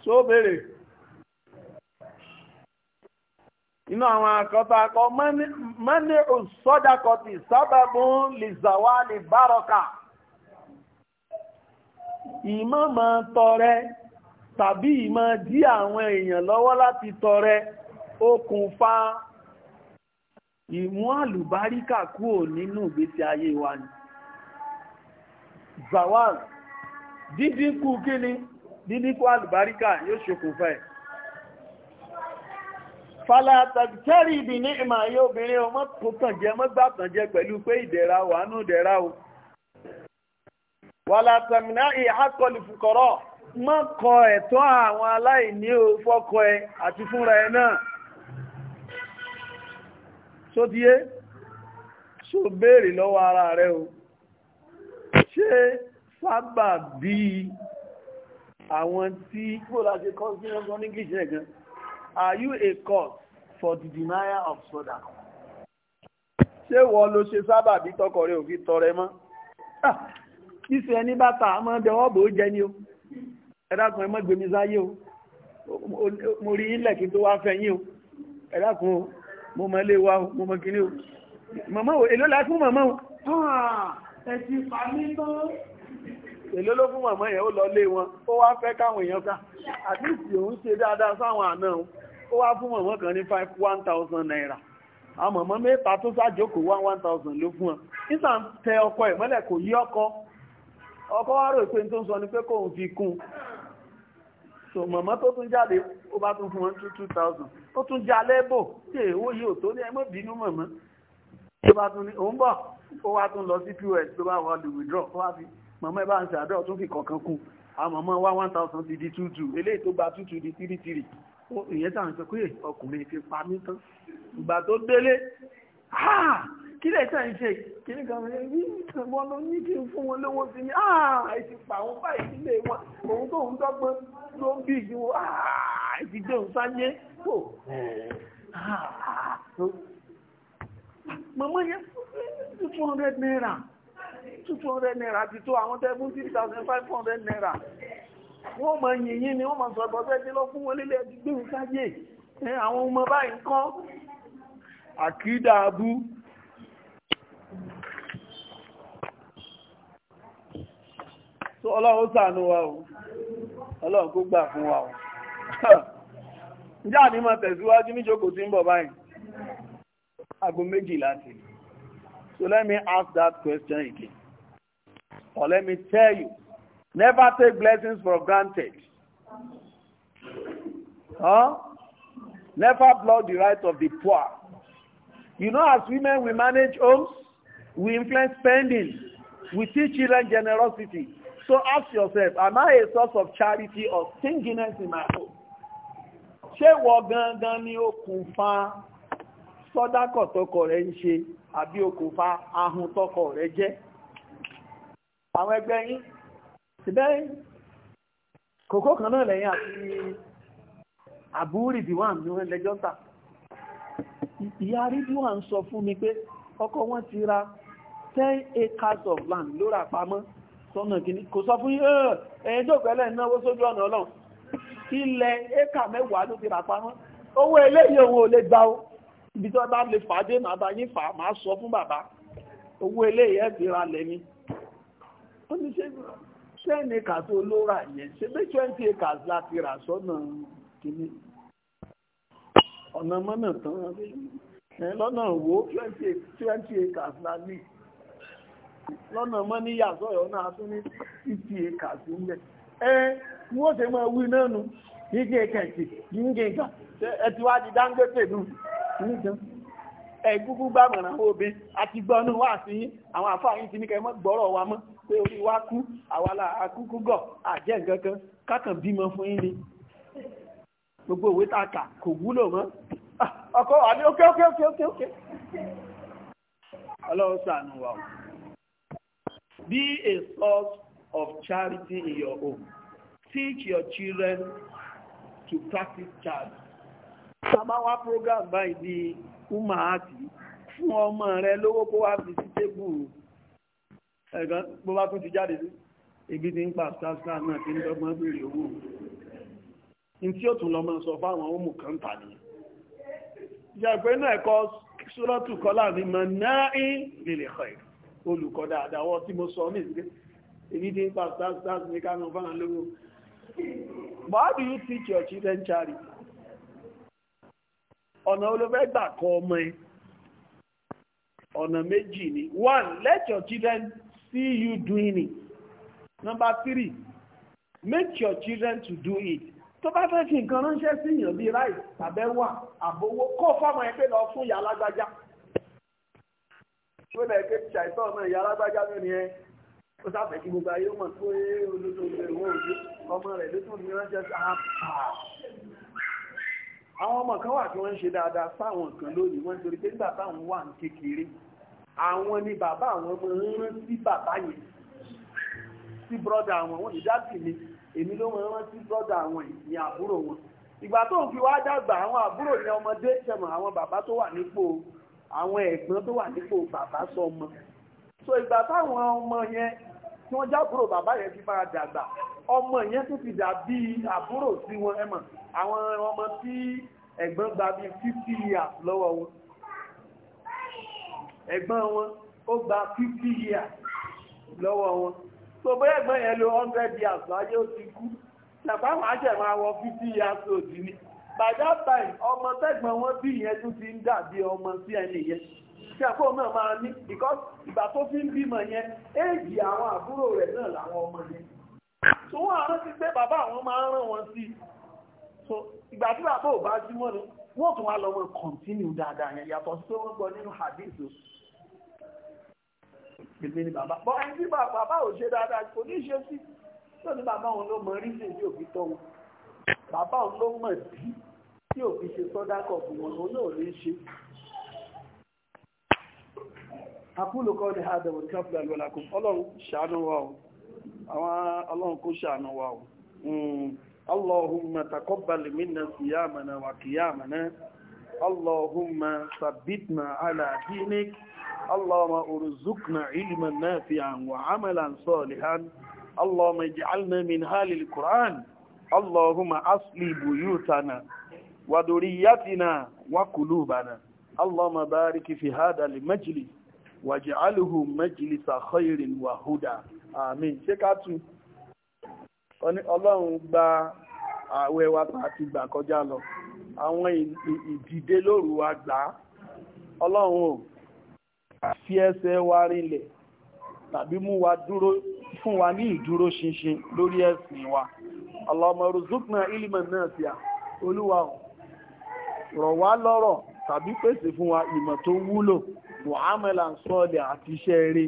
tó hmm? béèrè inú àwọn àkọta akọ mọ́ní òsọ́dàkọtì sábàbùn lè zàwà lè bárọkà ìmọ̀mọ̀ tọrẹ tàbí ìmọ̀ dí àwọn èèyàn lọ́wọ́ láti tọrẹ okùnfà ìmú àlùbáríkà kúrò nínú ìgbésí ayé wa ni zawal dídínkù kíni dídínkù àlùbáríkà yóò ṣokùnfà ẹ̀ falatagitẹ́rì ibi ní ìmọ̀ ayé obìnrin ọmọ tó tànjẹ mọ́gbàtànjẹ pẹ̀lú pé ìdẹ̀ra wà nù dẹ̀ra o wàlàtàmìnà ìhákọlù fùkọ̀rọ̀ mọ́kọ ẹ̀tọ́ àwọn aláìní o fọ́kọ ẹ àti fúnra ẹ náà tó ti yé béèrè lọ́wọ́ ara rẹ̀ o ṣé sábà bí àwọn tí kó láti kọ́ ní English ẹ̀gán are you a cause for the denial of soda ṣé wọ́n ló ṣe sábà bí tọkọ rẹ̀ òfin tọrẹ mọ́ ṣíṣe ah, ẹni bá ta àmọ́ dẹwọ́ bò ó jẹ ni o ẹ dákun gbèmí sáyé o mo rí ilẹ̀ kí n tó wá fẹ́ yín o ẹ o mo mọ̀ lè wá mo mọ̀ kìíní o mọ̀mọ́ o èló la fún mọ̀mọ́ o ẹ̀sì pàmí tán èló ló fún mọ̀mọ́ yẹn ó lọ lé wọn ó wá fẹ́ káwọn èèyàn ká àtìsí òun ṣe dáadáa sáwọn àna o ó wá fún mọ̀mọ́ kan ní five one thousand naira àwọn mọ̀mọ́ mẹ́ta tó sájókòó wá one thousand ló fún ọ nígbà tẹ ọkọ ẹ̀ mọ́lẹ̀ kò yí ọkọ ọkọ wá rò pé tó ń sọ ni pé kóun fi kún so mama tó tún jáde ó bá tún fún wọn two thousand ó tún já lẹ́bò tí èwo yìí ò tó ní ẹ má bínú mọ̀mọ́ tó bá tún ní òun bọ̀ ó wá tún lọ sí pos tó bá wà lè withdraw ó wá fi mọ̀mọ́ ẹ bá ń ṣe àdúrà tún fi kọ̀ọ̀kan kún àwọn mọ̀mọ́ wá one thousand ti di two two eléyìí tó gba two two di three three ìyẹn táwọn sọ pé ọkùnrin ti pa mí tán ìgbà tó délé kí lè tàn ṣe kìíní kan rẹ̀ rí ìtànbọ́n ló ní kí n fún wọn lówó sí ní ààrẹ ah, pa àwọn báyìí sílé wa òun tó ń dọ́gbọ́n ló ń bí ìjú wọn ààrẹ ah, ti sáyé pò eh, ah, mọ̀mọ́ yẹn two hundred naira two hundred naira ti tó àwọn tẹ́gùn three thousand five hundred naira wọ́n mọ̀ yìnyín ni wọ́n mọ̀ sọ ìbọ̀sẹ̀ tí lọ fún wọn lílẹ̀ ti gbé òun sáyé eh, àwọn ọmọ báyìí ń kọ́ àkídà tó ọlọ́run ṣàánú wa o ọlọ́run kó gbà fún wa o ǹjẹ́ àní máa tẹ̀síwájú ní jókòó tí ń bọ̀ báyìí aago méjìlá ti so let me ask that question again or let me tell you never take blessings for granted huh? never block the right of the poor you know as women we manage homes we influence spending we teach children generosity So ask yourself, am I a source of charity or stinginess in my home? Ṣé wọ gangan ni okùnfà sọ́dákọ̀ tọkọ rẹ̀ ń ṣe àbí okùnfà ahun tọkọ rẹ̀ jẹ́? Àwọn ẹgbẹ́ yín, síbẹ̀ kòkó kan náà lẹ́yìn àti àbúrì bí ní ẹlẹ́jọ́ ta. Ìyá Rídíwà ń sọ fún mi pé ọkọ wọn ti ra ten acres of land ló rà sọ́nà kìíní kò sọ fún ẹ̀yìn tó pẹ̀lẹ̀ náwó sójú ọ̀nà ọlọ́run ilẹ̀ éka mẹ́wàá ló ti rà pamọ́ owó eléyìí òun ò lè gbà ó ibi tó bá lè fàdé màá bá yín fà máa sọ fún bàbá owó eléyìí ẹ̀ fi ra lẹ̀ ni ó ní ṣe ten acres tó ló yẹn ṣe bí twenty acres láti rà sọ́nà kìíní ọ̀nà mọ́nà tán lọ́nà wo twenty acres la ní. lọ́nà mọ́ ní yàtọ̀ náà tún ní títí èkà sí ń bẹ̀. ẹ ní ó ṣe mọ́ ewu náà nu ẹ ti wá di dáńgbẹ́pẹ̀ nù nìkan ẹ àti wà sí àwọn afọ ti ní kẹ́ gbọ́rọ̀ wa mọ́ pé wa kú akúkú gọ̀ àjẹ́ nǹkan kan kákan bímọ fún yín ni gbogbo òwe tá a kà kò wúlò mọ́ ah, Be a source of charity in your home. Teach your children to practice charity. Samawa program báyìí ní Umahati fún ọmọ rẹ lówó kó wá fi sí tébù ẹ̀gán bó bá tún ti jáde sí. Ibi tí ń pa sásá náà ti ń dọ́gbọ́n bèrè owó. Ní tí ó tún lọ máa sọ fáwọn ọmọ kan tà ní. Ìyàgbé náà ẹ̀kọ́ Súrọ́tù Kọ́lá ni Mọ̀náì lè lè kọ́ ẹ̀kọ́ olùkọ́ dáadáa wọ́n tí mo sọ ní ìsìnkú èyí tí ń pa stars ní ká mọ̀ lówó but how do you teach your children charity ọ̀nà olófẹ́ gbà kọ́ ọmọ ẹ ọ̀nà méjì ni one let your children see you doing it number three make your children to do it tó bá fẹ́ fi nǹkan ránṣẹ́ sí èèyàn bíi ráì tàbẹ́wà àbówó kó fáwọn ẹgbẹ́ lọ fún ìyá alágbájá tí ó lẹ̀ ké ṣàìtọ́ náà ìyá alágbájá ló ni ẹ ó sáfẹ́ kí gbogbo ayé mọ̀ tó yé olóṣogbo ìwọ̀n òjò ọmọ rẹ̀ ló tún ní ránṣẹ́ sáà ah, ah. àwọn ọmọ kan wà tí wọ́n ń ṣe dáadáa sáwọn kan lónìí wọ́n torí pé nígbà táwọn wà ní kékeré àwọn ni bàbá àwọn ọmọ ń rántí bàbá yẹn sí brọ́dà àwọn wọn ìdáàbì mi èmi ló mọ rántí brọ́dà àwọn ní àbúrò wọn ìgbà tó ń fi wá dàgbà àwọn àbúrò ní ọmọdé ṣẹmọ àwọn bàbá tó wà nípò àwọn ẹ̀gbọ́n tó wà nípò bàbá sọmọ so ìgbà táwọn ọmọ yẹn tí wọ́n jábúrò bàbá yẹn ti máa dàgbà ọmọ yẹn tó ti dà bí àbúrò sí wọn ẹmọ̀ àwọn ọmọ tí ẹ̀gbọ́n gba bí 50 years lọ́wọ́ wọn ẹ̀gbọ́n wọn ó gba 50 years lọ́wọ́ wọn so bóyá ẹ̀gbọ́n yẹn lo hundred years láyé ó ti kú tàbáwọn ajẹ̀mọ́ àwọn 50 years òdì ni by that time ọmọ tẹ́gbọ̀n wọn bí ìyẹn tún ti ń dàbí ọmọ sí ẹni yẹn tí àpò náà máa ní because ìgbà tó fi ń bímọ yẹn éèjì àwọn àbúrò rẹ̀ náà làwọn ọmọ yẹn tó wọn àrùn ti pé bàbá àwọn máa ń ràn wọn sí so ìgbà tí bàbá ò bá jí wọn ni wọn tún wá lọ wọn continue dáadáa yẹn yàtọ̀ sí pé wọ́n gbọ́ nínú hadith o gbèmí ni bàbá bọ́ ẹni tí bàbá ò ṣe dáadáa kò ní ṣe sí tó ní bàbá òun ló mọ rí sí èdè tí ò fi ṣe sọ́dákọ̀ fún wọn òun náà lè ṣe àkúlò kọ́ ní àdàwọ̀ ní káfíà lọ́làkùn ọlọ́run ṣàánú wa o àwọn ọlọ́run kó ṣàánú wa o hmm. allahumma taqabbal minna siyamana wa qiyamana allahumma sabbitna ala dinik allahumma urzuqna ilman nafi'an wa amalan salihan allahumma ij'alna min halil allahumma asli buyutana وذريتنا وقلوبنا اللهم بارك في هذا المجلس واجعله مجلس خير وهدى آمين شكاتو Ọlọ́run gba àwẹ̀ wa àti ìgbà kọjá lọ àwọn ìdìde lóru wa gbà á Ọlọ́run ò fi ẹsẹ̀ wa rinlẹ̀ tàbí mú wa dúró fún wa ní ìdúró ṣinṣin lórí ẹ̀sìn wa Allahumma ruzukna ilman nafi'a Olúwa ò rọ̀ wá lọ́rọ̀ tàbí pèsè fún wa ìmọ̀ tó wúlò mu'amala sọ́ọ̀lẹ̀ àti iṣẹ́ eré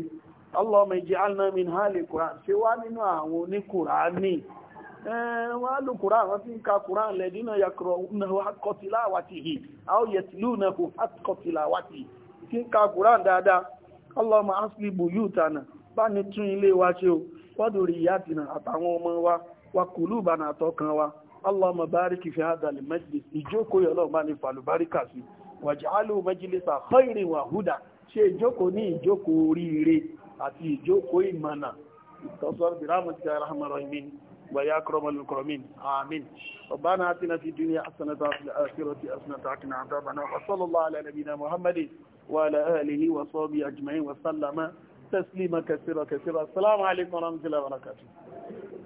Allahumma ij'alna min ahli Qur'an ṣe wá nínú àwọn oníkùránì wọ́n á lò kùrán wọ́n ti ń ka kùrán lẹ́dínà yàkùrọ̀ kọtìlá àwàtì yìí a ó yẹ̀ tìlú náà kò kọtìlá àwàtì yìí ti ń ka kùrán dáadáa Allahumma aslibu buyutana bá ní tún ilé wa ṣe o wọ́dùn rí ìyá àtàwọn ọmọ wa wa kùlù bànà àtọkàn wa Allahumma barik fi hadha al-majlis ìjókòó yọ lọ́wọ́ bá ní fàlùbáríkà sí waj'alu majlisa khairin wa huda ṣe ìjókòó ní ìjókòó oríire àti ìjókòó ìmọ̀nà ìtọ́sọ́rọ̀ bí rámọ̀tíkà rahmanrọ̀ ìmìn ويا أكرم المكرمين آمين ربنا آتنا في الدنيا حسنة وفي الآخرة حسنة وقنا عذابنا وصلى الله على نبينا محمد وعلى آله وصحبه أجمعين وسلم تسليما كثيرا كثيرا السلام عليكم ورحمة الله وبركاته